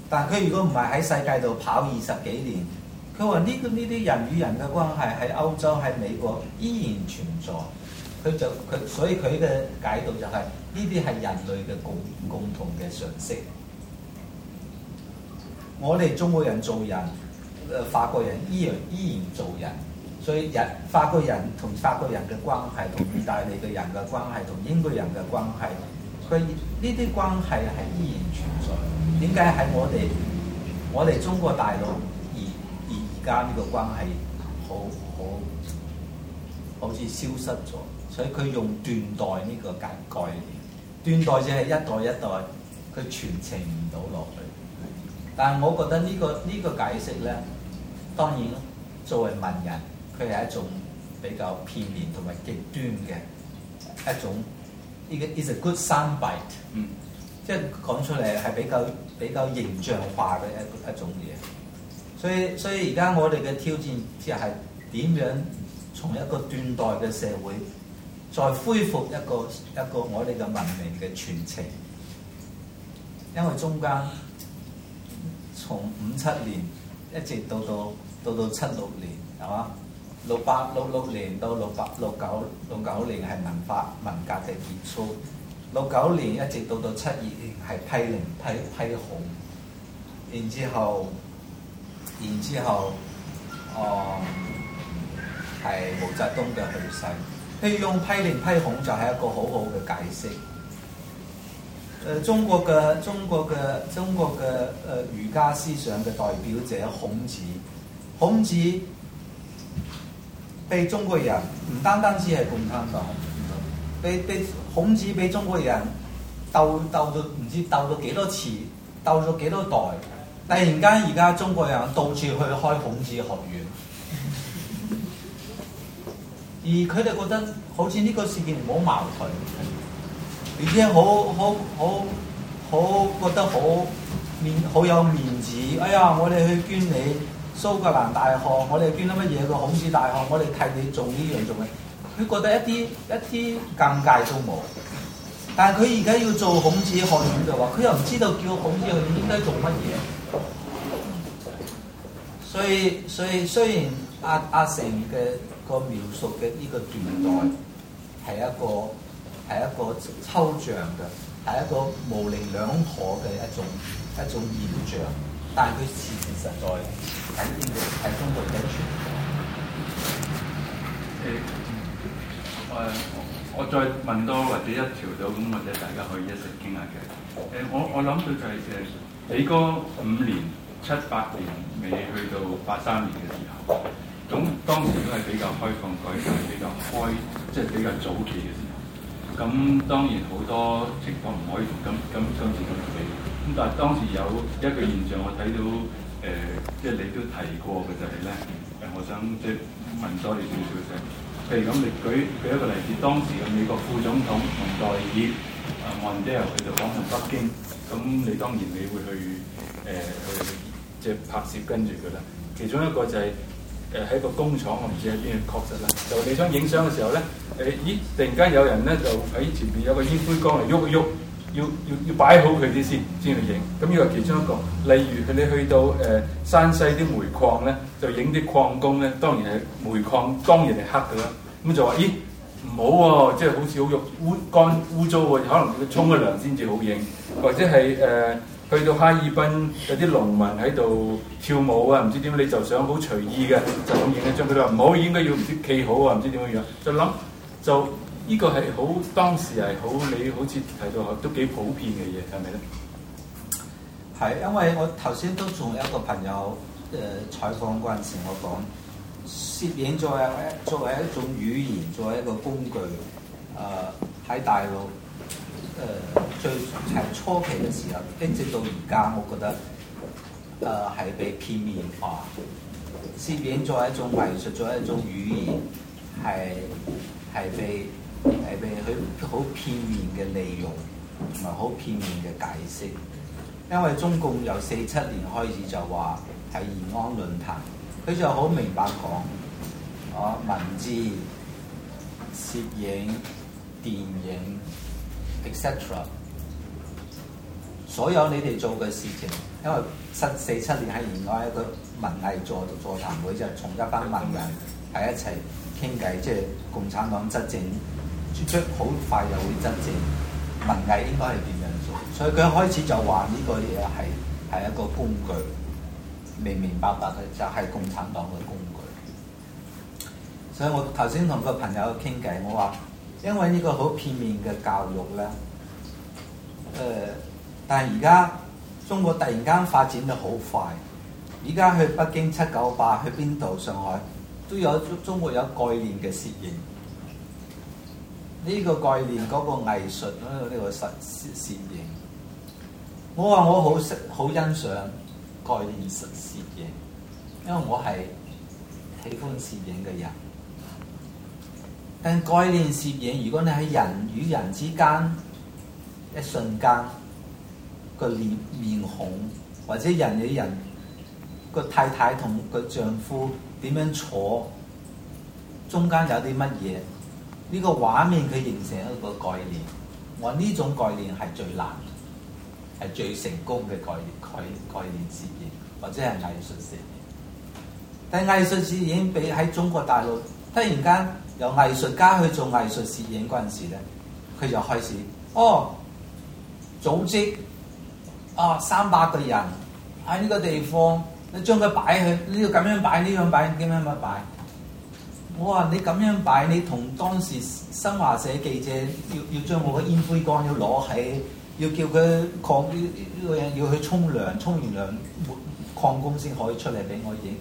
但係佢如果唔係喺世界度跑二十幾年。佢話呢個呢啲人與人嘅關係，喺歐洲喺美國依然存在，佢就佢所以佢嘅解讀就係呢啲係人類嘅共共同嘅常識。我哋中國人做人，誒法國人依然依然做人，所以人法國人同法國人嘅關係、同意大利嘅人嘅關係、同英國人嘅關係，佢呢啲關係係依然存在。點解喺我哋我哋中國大陸？家呢個關係好好，好似消失咗，所以佢用斷代呢個嘅概念，斷代只係一代一代，佢傳承唔到落去。但係我覺得呢個呢個解釋咧，當然作為文人，佢係一種比較片面同埋極端嘅一種。Is a good soundbite，嗯，即係講出嚟係比較比較形象化嘅一一種嘢。所以所以而家我哋嘅挑戰，即係點樣從一個斷代嘅社會，再恢復一個一個我哋嘅文明嘅傳承。因為中間，從五七年一直到到到到七六年係嘛，六八六六年到六八六九六九年係文化文革嘅結束，六九年一直到到七二年係批林批批孔，然之後。然之後，哦、嗯，係毛澤東嘅去世。譬如用批林批孔就係一個好好嘅解釋。誒、呃，中國嘅中國嘅中國嘅誒儒家思想嘅代表者孔子，孔子被中國人唔單單只係共產黨，被俾孔子俾中國人鬥鬥到唔知鬥咗幾多次，鬥咗幾多代。突然間，而家中國人到處去開孔子學院， [laughs] 而佢哋覺得好似呢個事件唔好矛盾，而且好好好好覺得好面好有面子。哎呀，我哋去捐你蘇格蘭大學，我哋捐咗乜嘢個孔子大學，我哋替你做呢樣做咩？佢覺得一啲一啲尷尬都冇，但係佢而家要做孔子學院嘅話，佢又唔知道叫孔子學院應該做乜嘢。嗯、所以，所以雖然阿阿成嘅個描述嘅呢個斷代係一個係一個抽象嘅，係一個模棱兩可嘅一種一種現象，但係佢是實在緊嘅、這個，係中國嘅傳統。誒誒、欸呃，我再問多或者一條到咁，或者大家可以一齊傾下偈。誒、欸，我我諗佢就係、是。誒。你哥五年、七八年未去到八三年嘅時候，咁當時都係比較開放、改革、比較開，即係比較早期嘅時候。咁當然好多情況唔可以同咁咁當時咁樣俾，咁但係當時有一個現象我睇到，誒、呃，即係你都提過嘅就係咧，誒，我想即係問多你少少嘅，譬如咁，你舉舉一個例子，當時嘅美國副總統同代議啊，岸德爾佢就訪問北京。咁你當然你會去誒、呃、去即係拍攝跟住佢啦。其中一個就係誒喺個工廠，我唔知喺邊，確實啦。就你想影相嘅時候咧，誒、呃、咦！突然間有人咧就喺前邊有個煙灰缸嚟喐一喐，要要要，要擺好佢啲先先去影。咁呢個其中一個。例如你去到誒、呃、山西啲煤礦咧，就影啲礦工咧，當然係煤礦當然係黑㗎啦。咁就話咦唔好喎、啊，即、就、係、是、好似好肉污乾污糟喎，可能要沖個涼先至好影。或者係誒、呃、去到哈爾濱有啲農民喺度跳舞啊，唔知點你就想好隨意嘅就咁影一張，佢哋話唔好，應該要唔知企好啊，唔知點樣樣就諗就呢、呢個係好當時係好你好似提到都幾普遍嘅嘢，係咪咧？係，因為我頭先都做一個朋友誒、呃、採訪嗰陣時，我講攝影作為一作為一種語言，作為一個工具誒喺、呃、大陸。誒、呃、最係初期嘅時候，一直到而家，我覺得誒係被片面化，攝影作為一種藝術，作為一種語言，係係被係被佢好片面嘅利用同埋好片面嘅解釋。因為中共由四七年開始就話喺延安論壇，佢就好明白講：我、呃、文字、攝影、電影。etc. 所有你哋做嘅事情，因為十四七年喺延安一個文藝座座談會就係從一班文人喺一齊傾偈，即係共產黨執政，出出好快就會執政。文藝應該係點樣做？所以佢一開始就話呢個嘢係係一個工具，明明白白嘅就係、是、共產黨嘅工具。所以我頭先同個朋友傾偈，我話。因為呢個好片面嘅教育咧，誒、呃，但係而家中國突然間發展得好快，而家去北京七九八，去邊度上海都有中中國有概念嘅攝影，呢個概念嗰個藝術咧，呢個實攝攝影，我話我好識好欣賞概念實攝影，因為我係喜歡攝影嘅人。但概念攝影，如果你喺人與人之間一瞬間個臉面孔，或者人與人個太太同個丈夫點樣坐，中間有啲乜嘢？呢個畫面佢形成一個概念。我呢種概念係最難，係最成功嘅概念。概概念攝影或者係藝術攝影，但藝術攝影比喺中國大陸突然間。由藝術家去做藝術攝影嗰陣時咧，佢就開始哦組織啊、哦、三百個人喺呢個地方，你將佢擺去，你要咁樣擺，呢樣擺，點樣乜擺？我話你咁樣擺、哦，你同當時新華社記者要要將我個煙灰缸要攞喺，要叫佢礦呢呢個人要去沖涼，沖完涼換礦工先可以出嚟俾我影，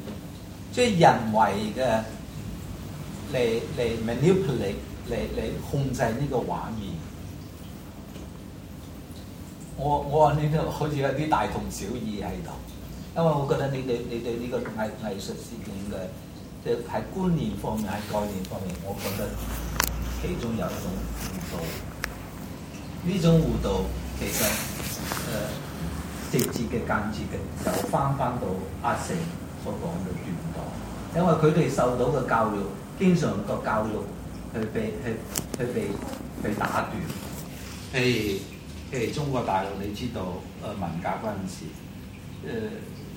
即係人為嘅。嚟嚟 manipulate 嚟嚟控制呢個畫面。我我話你都好似有啲大同小異喺度，因為我覺得你哋，你哋呢個藝藝術事件嘅即係觀念方面，係概念方面，我覺得其中有一種互動。呢種互動其實誒、呃、直接嘅、間接嘅，就翻翻到阿成所講嘅斷代，因為佢哋受到嘅教育。經常個教育去被去去被被打斷，譬如譬如中國大陸，你知道誒文革嗰陣時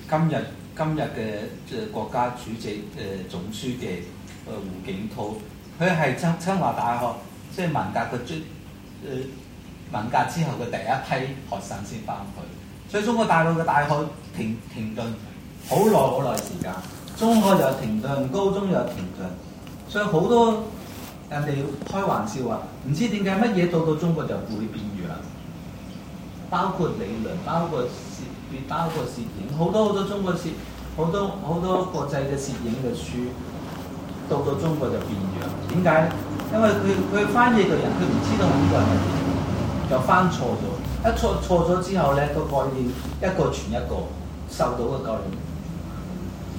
今日今日嘅誒、呃、國家主席誒、呃、總書記誒、呃、胡錦濤，佢係清清華大學即係文革嘅最誒文革之後嘅第一批學生先翻去，所以中國大陸嘅大學停停頓好耐好耐時間，中學又停頓，高中又停頓。所以好多人哋開玩笑話，唔知點解乜嘢到到中國就會變樣，包括理論、包括攝、包括攝影，好多好多中國攝，好多好多國際嘅攝影嘅書，到到中國就變樣。點解咧？因為佢佢翻譯嘅人，佢唔知道呢個係點，就翻錯咗。一錯錯咗之後咧，個概念一個傳一個，受到嘅概念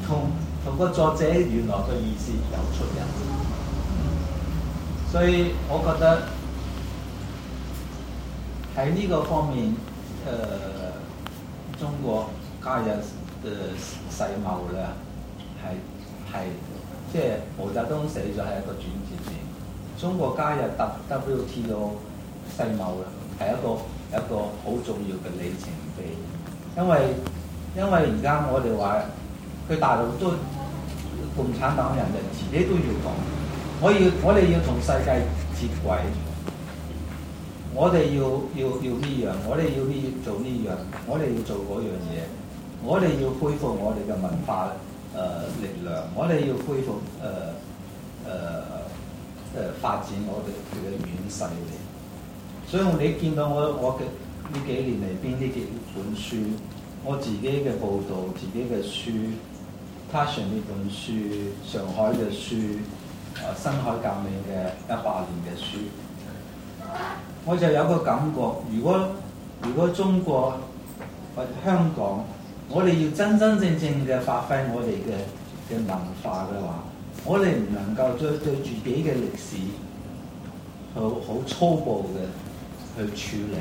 通。同個作者原來個意思有出入，所以我覺得喺呢個方面，誒、呃，中國加入誒世貿咧，係係即係毛澤東死咗係一個轉折點，中國加入 WTO 世貿咧，係一個一個好重要嘅里程碑，因為因為而家我哋話。佢大陸都共產黨人哋自己都要講，我要我哋要同世界接軌，我哋要要要呢樣，我哋要呢做呢樣，我哋要做嗰樣嘢，我哋要恢復我哋嘅文化誒、呃、力量，我哋要恢復誒誒誒發展我哋嘅軟實力。所以你見到我我嘅呢幾年嚟邊呢幾本書，我自己嘅報道，自己嘅書。p 呢本書，上海嘅書，啊，辛亥革命嘅一百年嘅書，我就有個感覺，如果如果中國或香港，我哋要真真正正嘅發揮我哋嘅嘅文化嘅話，我哋唔能夠對對自己嘅歷史好好粗暴嘅去處理，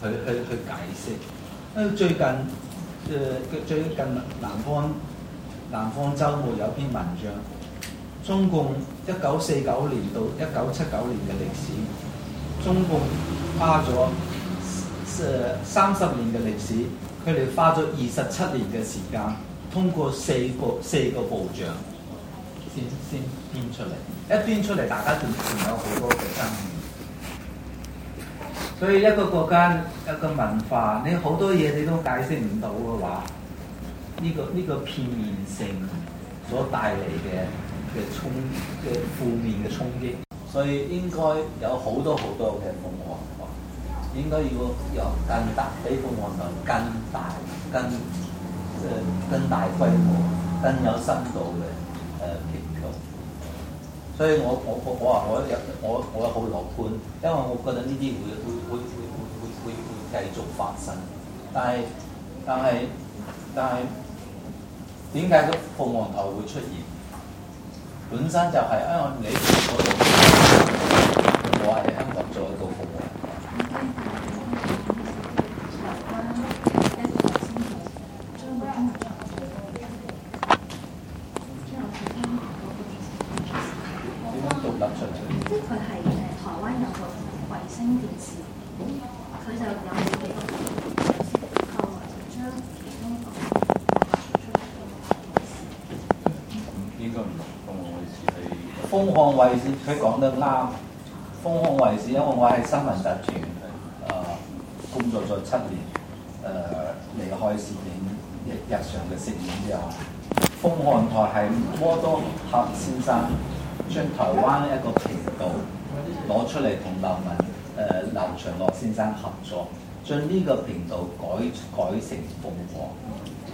去去去解釋。因為最近。誒，最近南方南方週末有篇文章，中共一九四九年到一九七九年嘅歷史，中共花咗三十年嘅歷史，佢哋花咗二十七年嘅時間，通過四個四個部長先先編出嚟，一編出嚟，大家仲仲有好多嘅爭議。所以一個國家一個文化，你好多嘢你都解釋唔到嘅話，呢、這個呢、這個片面性所帶嚟嘅嘅衝嘅負面嘅衝擊。所以應該有好多好多嘅方案，應該要有更大啲方案，就、這個、更大、更即係更大規模、更有深度嘅。所以我我我我話我入我我好樂觀，因為我覺得呢啲會會會會會會會繼續發生。但係但係但係點解個鳳凰頭會出現？本身就係因為你嗰度，我喺香港做一個鳳凰。鳳凰衞視，佢講得啱。鳳凰衞視，因為我喺新聞集團誒、呃、工作咗七年，誒、呃、離開攝影日日常嘅攝影之後，鳳凰台係摩多克先生將台灣一個頻道攞出嚟同劉文誒劉長樂先生合作，將呢個頻道改改成鳳凰，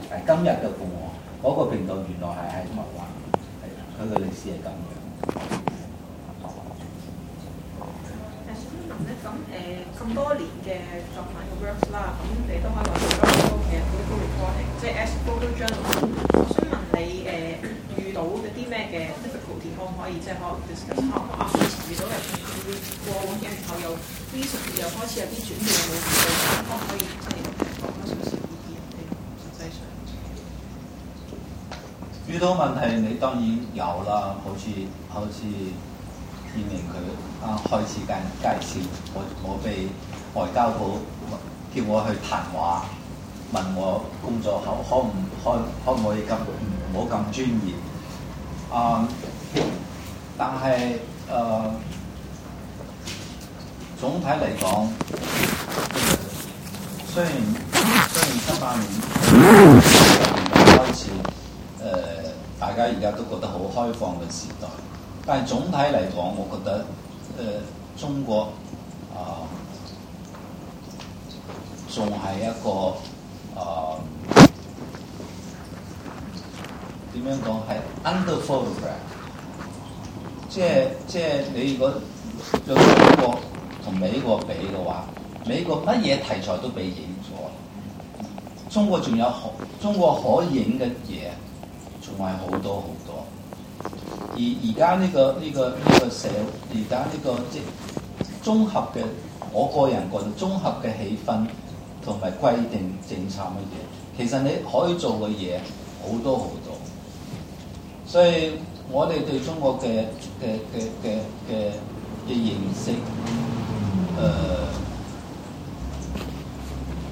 係、啊、今日嘅鳳凰。嗰、那個頻道原來係喺台灣，佢嘅歷史係咁。誒，想問咧，咁誒咁多年嘅作品嘅 works 啦，咁你都可以攞到好多嘅報告 form。即係 SBO 都將，我想問你誒遇到嗰啲咩嘅 difficulty 可唔可以即係可能 discuss 下啊？遇到係對過往嘅，然後又啲，又開始有啲轉變有冇遇到，可唔可以？遇到問題，你當然有啦，好似好似以前佢啊開始介介紹，我我被外交部叫我去談話，問我工作可可唔可可唔可以咁唔好咁專業啊，但係誒、啊、總體嚟講，雖然雖然七八年，年開始。大家而家都覺得好開放嘅時代，但係總體嚟講，我覺得誒、呃、中國啊，仲、呃、係一個誒點、呃、樣講係 under photographed，即係即係你如果用中國同美國比嘅話，美國乜嘢題材都俾影咗，中國仲有可中國可影嘅嘢。同埋好多好多，而而家呢個呢、呢個呢、呢個社，而家呢個即綜合嘅，我個人覺得綜合嘅氣氛同埋規定政策嘅嘢，其實你可以做嘅嘢好多好多，所以我哋對中國嘅嘅嘅嘅嘅嘅認識，誒、呃，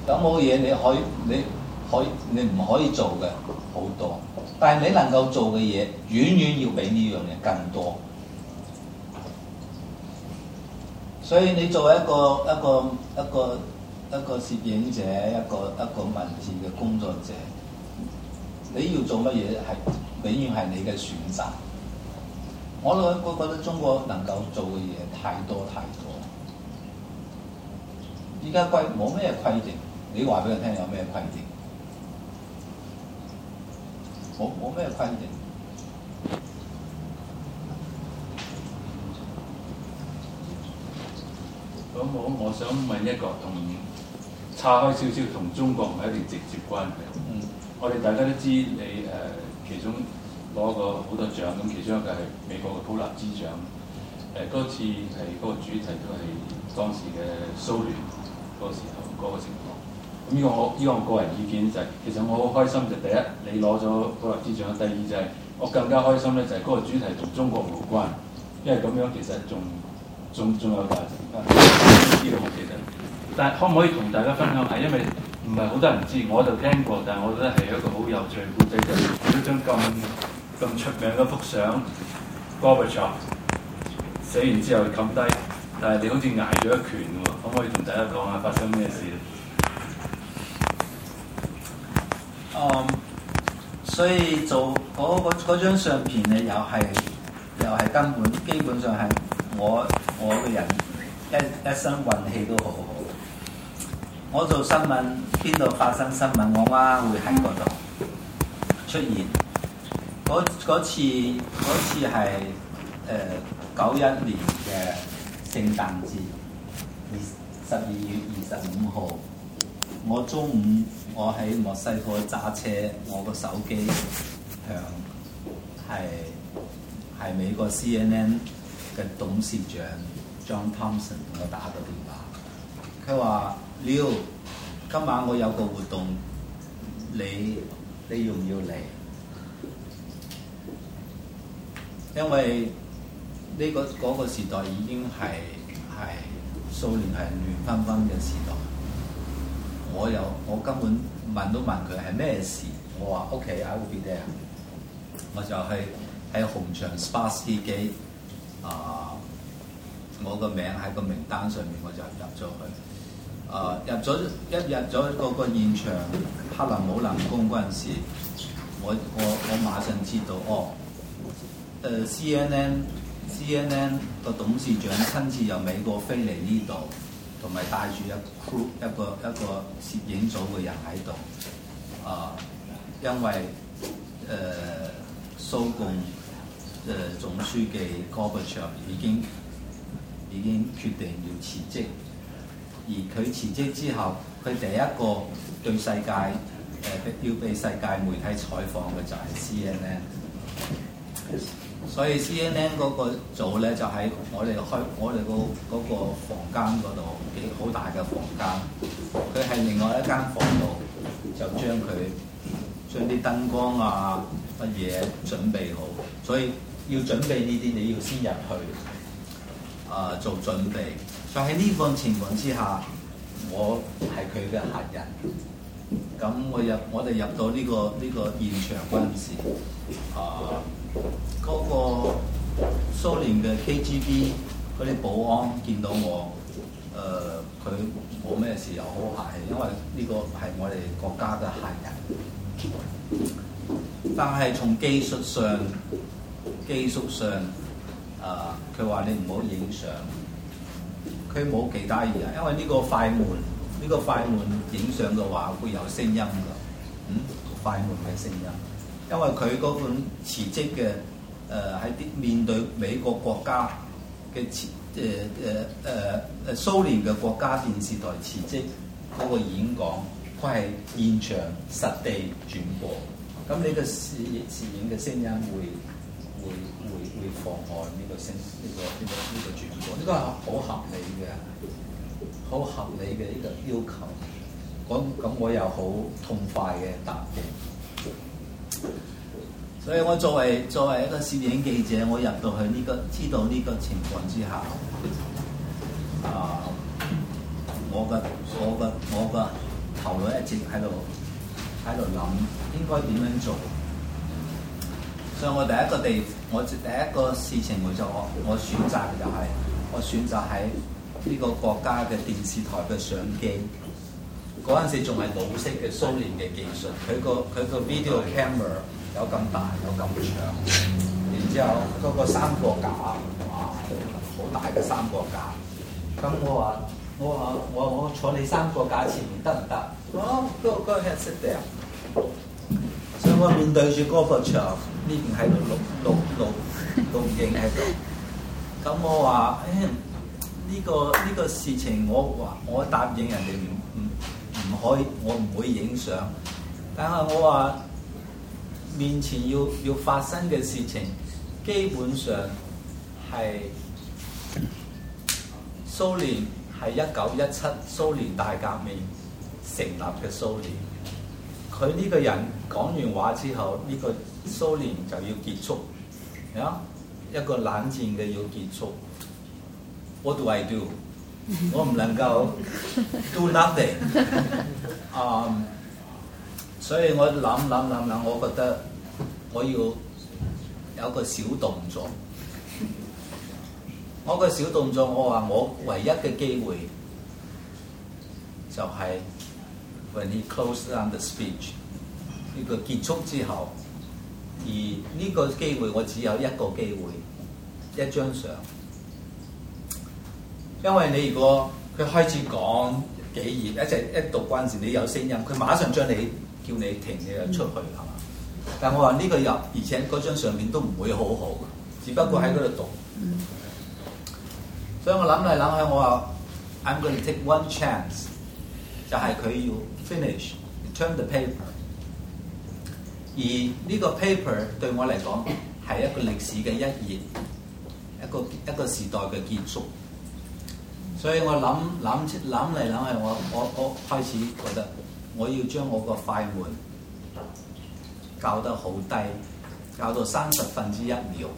有冇嘢你可以你可以你唔可以做嘅好多。但係你能夠做嘅嘢，遠遠要比呢樣嘢更多。所以你作為一個一個一個一個攝影者，一個一個文字嘅工作者，你要做乜嘢？係永遠係你嘅選擇。我兩個覺得中國能夠做嘅嘢太多太多。而家規冇咩規定，你話俾佢聽有咩規定？冇冇咩困境。咁我我想問一個同岔開少少，同中國唔係一定直接關係。嗯，我哋大家都知你誒、呃，其中攞過好多獎，咁其中一個係美國嘅普立茲獎。誒、呃、嗰次係嗰個主題都係當時嘅蘇聯嗰時候，嗰、那個時。呢個我呢、這個我個人意見就係、是，其實我好開心就是、第一你攞咗普立茲獎，第二就係、是、我更加開心咧就係、是、嗰個主題同中國無關，因為咁樣其實仲仲仲有價值、啊這個、但係可唔可以同大家分享下？因為唔係好多人知，我就聽過，但係我覺得係一個好有趣嘅故事。就係呢張咁咁出名嘅幅相，Gorbachev 寫完之後冚低，但係你好似挨咗一拳嘅喎，可唔可以同大家講下發生咩事？ [noise] 嗯，um, 所以做嗰張相片呢，又係又係根本基本上係我我個人一一,一生運氣都好好。我做新聞，邊度發生新聞，我媽會喺嗰度出現。嗰次嗰次係誒九一年嘅聖誕節，十二月二十五號，我中午。我喺莫斯科揸車，我個手機響，係係美國 CNN 嘅董事長 John Thompson 同我打個電話，佢話：Liu，今晚我有個活動，你你要唔要嚟？因為呢、這個、嗰個時代已經係係蘇聯係亂紛紛嘅時代。我又我根本問都問佢係咩事，我話 OK I will be there，我就去喺紅場 Spassky Gate 啊，我個名喺個名單上面，我就入咗去。啊、呃、入咗一入咗個個現場克里姆林宮嗰陣時，我我我馬上知道哦。誒、呃、CNN CNN 個董事長親自由美國飛嚟呢度。同埋帶住一一個，crew，一個、一個攝影組嘅人喺度，啊，因為誒、呃、蘇共誒、呃、總書記戈布喬已經已經決定要辭職，而佢辭職之後，佢第一個對世界誒、呃、要被世界媒體採訪嘅就係 CNN。所以 CNN 嗰個組咧就喺、是、我哋開我哋個嗰個房間嗰度幾好大嘅房間，佢係另外一間房度就將佢將啲燈光啊乜嘢、啊、準備好，所以要準備呢啲你要先入去啊、呃、做準備。就喺呢個情況之下，我係佢嘅客人，咁我入我哋入到呢、這個呢、這個現場嗰陣時啊。呃嗰個蘇聯嘅 KGB 嗰啲保安見到我，誒佢冇咩事又好客氣，因為呢個係我哋國家嘅客人。但係從技術上，技術上，誒佢話你唔好影相，佢冇其他嘢，因為呢個快門，呢個快門影相嘅話會有聲音㗎，嗯，快門嘅聲音。因為佢嗰款辭職嘅，誒喺啲面對美國國家嘅辭誒誒誒誒蘇聯嘅國家電視台辭職嗰個演講，佢係現場實地轉播。咁你嘅攝攝影嘅聲音會會會會妨礙呢個聲呢個呢個呢個轉播？呢個係好合理嘅，好合理嘅呢個要求。咁咁我又好痛快嘅答應。所以我作為作為一個攝影記者，我入到去呢個知道呢個情況之下，啊，我個我個我個頭腦一直喺度喺度諗應該點樣做。所以我第一個地，我第一個事情就我我選擇就係我選擇喺呢個國家嘅電視台嘅相機。嗰陣時仲係老式嘅蘇聯嘅技術，佢個佢個 video camera 有咁大，有咁長，然之後嗰個三角架，哇好大嘅三角架。咁我話我話我我坐你三角架前面得唔得哦，嗰嗰黑色嘅，所以我面對住嗰幅牆，呢邊喺度錄錄錄錄錄影喺度。咁我話誒呢個呢、呢個事情我話我答應人哋。唔可以，我唔會影相。但係我話面前要要發生嘅事情，基本上係蘇聯係一九一七蘇聯大革命成立嘅蘇聯。佢呢個人講完話之後，呢個蘇聯就要結束。啊，一個冷戰嘅要結束。What do I do? 我唔能夠 do nothing，啊，um，所以我諗諗諗諗，我覺得我要有個小動作。我個小動作，我話我唯一嘅機會就係 when he closed down the speech 呢個結束之後，而呢個機會我只有一個機會，一張相。因為你如果佢開始講幾頁，一直一讀關時，你有聲音，佢馬上將你叫你停你嘅出去，係嘛、嗯？但係我話呢、這個入，而且嗰張相片都唔會好好，只不過喺嗰度讀。嗯、所以我諗嚟諗去，我話 I'm going to take one chance，就係佢要 finish turn the paper。而呢個 paper 對我嚟講係一個歷史嘅一頁，一個一個時代嘅結束。所以我諗諗諗嚟諗去，我我我開始覺得我要將我個快門較得好低，較到三十分之一秒，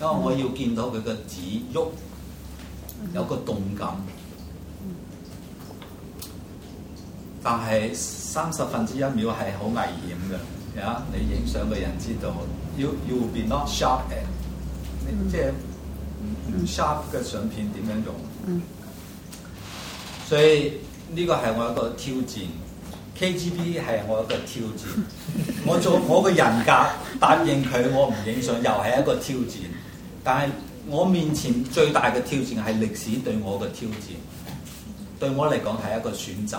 因為我要見到佢個指喐有個動感。但係三十分之一秒係好危險嘅，啊！你影相嘅人知道，要要 be not sharp 嘅、嗯、即係、嗯嗯、sharp 嘅相片點樣用？嗯所以呢、這個係我一個挑戰，KGB 係我一個挑戰。我，挑戰 [laughs] 我做我個人格答應佢，我唔影相又係一個挑戰。但係我面前最大嘅挑戰係歷史對我嘅挑戰，對我嚟講係一個選擇。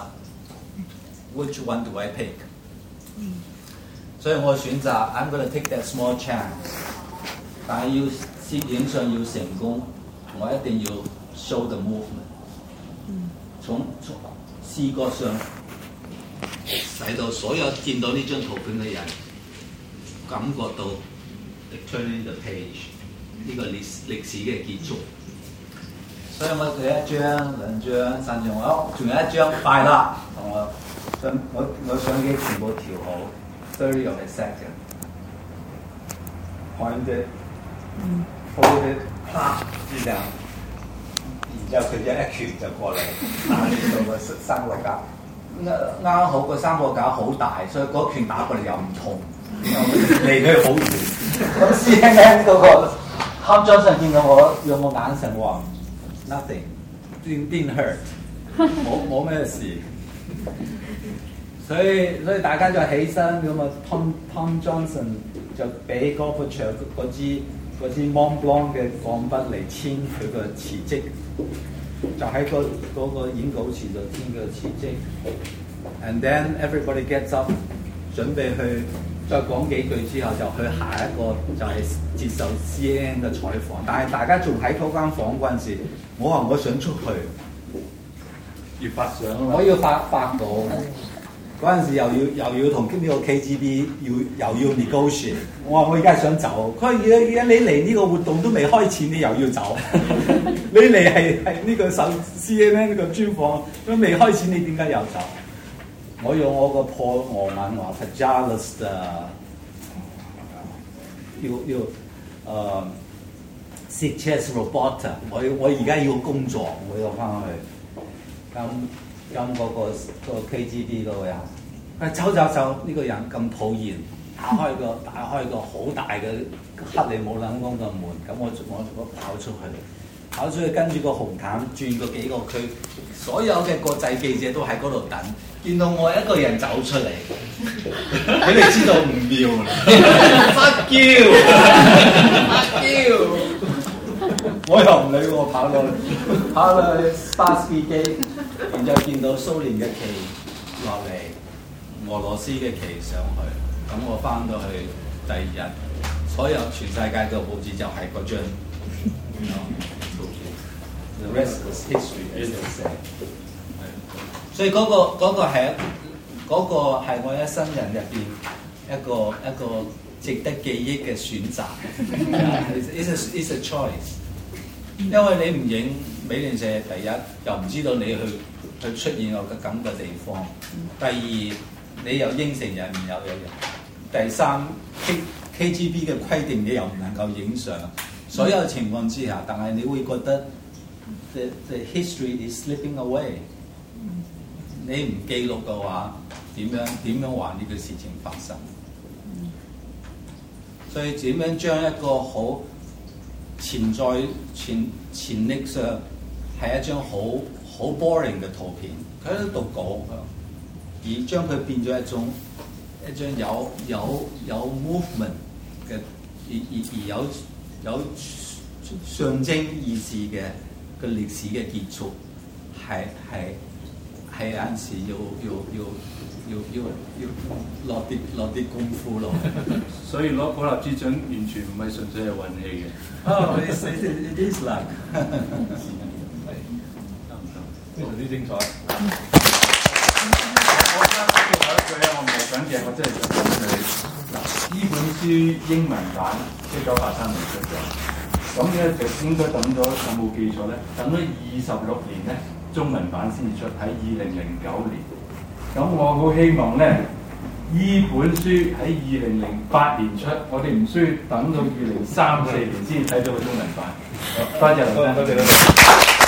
Which one do I pick？所以我選擇 I'm going to take that small chance。但係要攝影相要成功，我一定要 show the movement。從從視覺上使到所有見到呢張圖片嘅人感覺到 turn the page 呢個歷歷史嘅結束。嗯、所以我第一張、兩張、三張我仲有一張快啦，同我相我我相機全部調好 thirty one second，hold it，之後佢一一拳就過嚟打呢度個三個架，啱啱好個 [laughs] 三個架好大，所以嗰拳打過嚟又唔痛， [laughs] 離佢好遠。咁 [laughs] C N N 嗰、那個、Tom、Johnson 見到我用個眼神話：Nothing，didn't hurt，冇冇咩事。所以所以大家就起身咁啊，Tom Tom Johnson 就俾嗰副長嗰支。嗰支 Mont Blanc 嘅鋼筆嚟簽佢個辭職，就喺、嗰個嗰、嗰個演講前就簽個辭職，and then everybody gets up，準備去再講幾句之後就去下一個就係接受 CNN 嘅採訪。但係大家仲喺嗰間房嗰陣時，我話我想出去，要發相啊我要發發稿。嗰陣時又要又要同呢個 KGB，要又，又要 negotiate。我話我而家想走，佢話而家而家你嚟呢個活動都未開始，你又要走？ [laughs] 你嚟係係呢個首 CNN 呢個專訪都未開始，你點解又走？我用我個破俄文話，I'm jealous。要要誒，chess robot。我我而家要工作，我要翻去咁。Um, 咁嗰、嗰個、嗰個、KGB 嗰、啊這個人，佢走走呢個人咁討厭，打開個打開個好大嘅克里姆林宮嘅門，咁我我我跑出去，跑出去跟住個紅毯轉個幾個區，所有嘅國際記者都喺嗰度等，見到我一個人走出嚟，佢哋知道唔妙，fuck you，fuck you，我又唔理我跑到去，跑到去巴士機。又見到蘇聯嘅旗落嚟，俄羅斯嘅旗上去，咁我翻到去第二日，所有全世界嘅報紙就係嗰張。所以嗰個嗰個係一嗰個係我一生人入邊一個一個值得記憶嘅選擇。因為你唔影美聯社第一，又唔知道你去。佢出現個咁嘅地方。第二，你又應承人唔有有人。第三，K KGB 嘅規定你又唔能夠影相。嗯、所有情況之下，但係你會覺得 the the history is slipping away、嗯。你唔記錄嘅話，點樣點樣還呢個事情發生？所以點樣將一個好潛在潛潛力上係一張好好 boring 嘅圖片，佢喺度讀稿，而將佢變咗一種，一張有有有 movement 嘅而而而有有象徵意志嘅嘅歷史嘅結束，係係係有陣時要要要要要落啲落啲功夫咯。所以攞普立茲獎，完全唔係純粹係運氣嘅。非常之精彩。嗯、我加最後一句咧，我唔係想贏，我真係想講佢。嗱，依本書英文版一九八三年出咗。咁咧就應該等咗有冇記錯咧？等咗二十六年咧，中文版先至出，喺二零零九年。咁我好希望咧，依本書喺二零零八年出，我哋唔需要等到二零三四年先睇到個中文版。多謝多謝。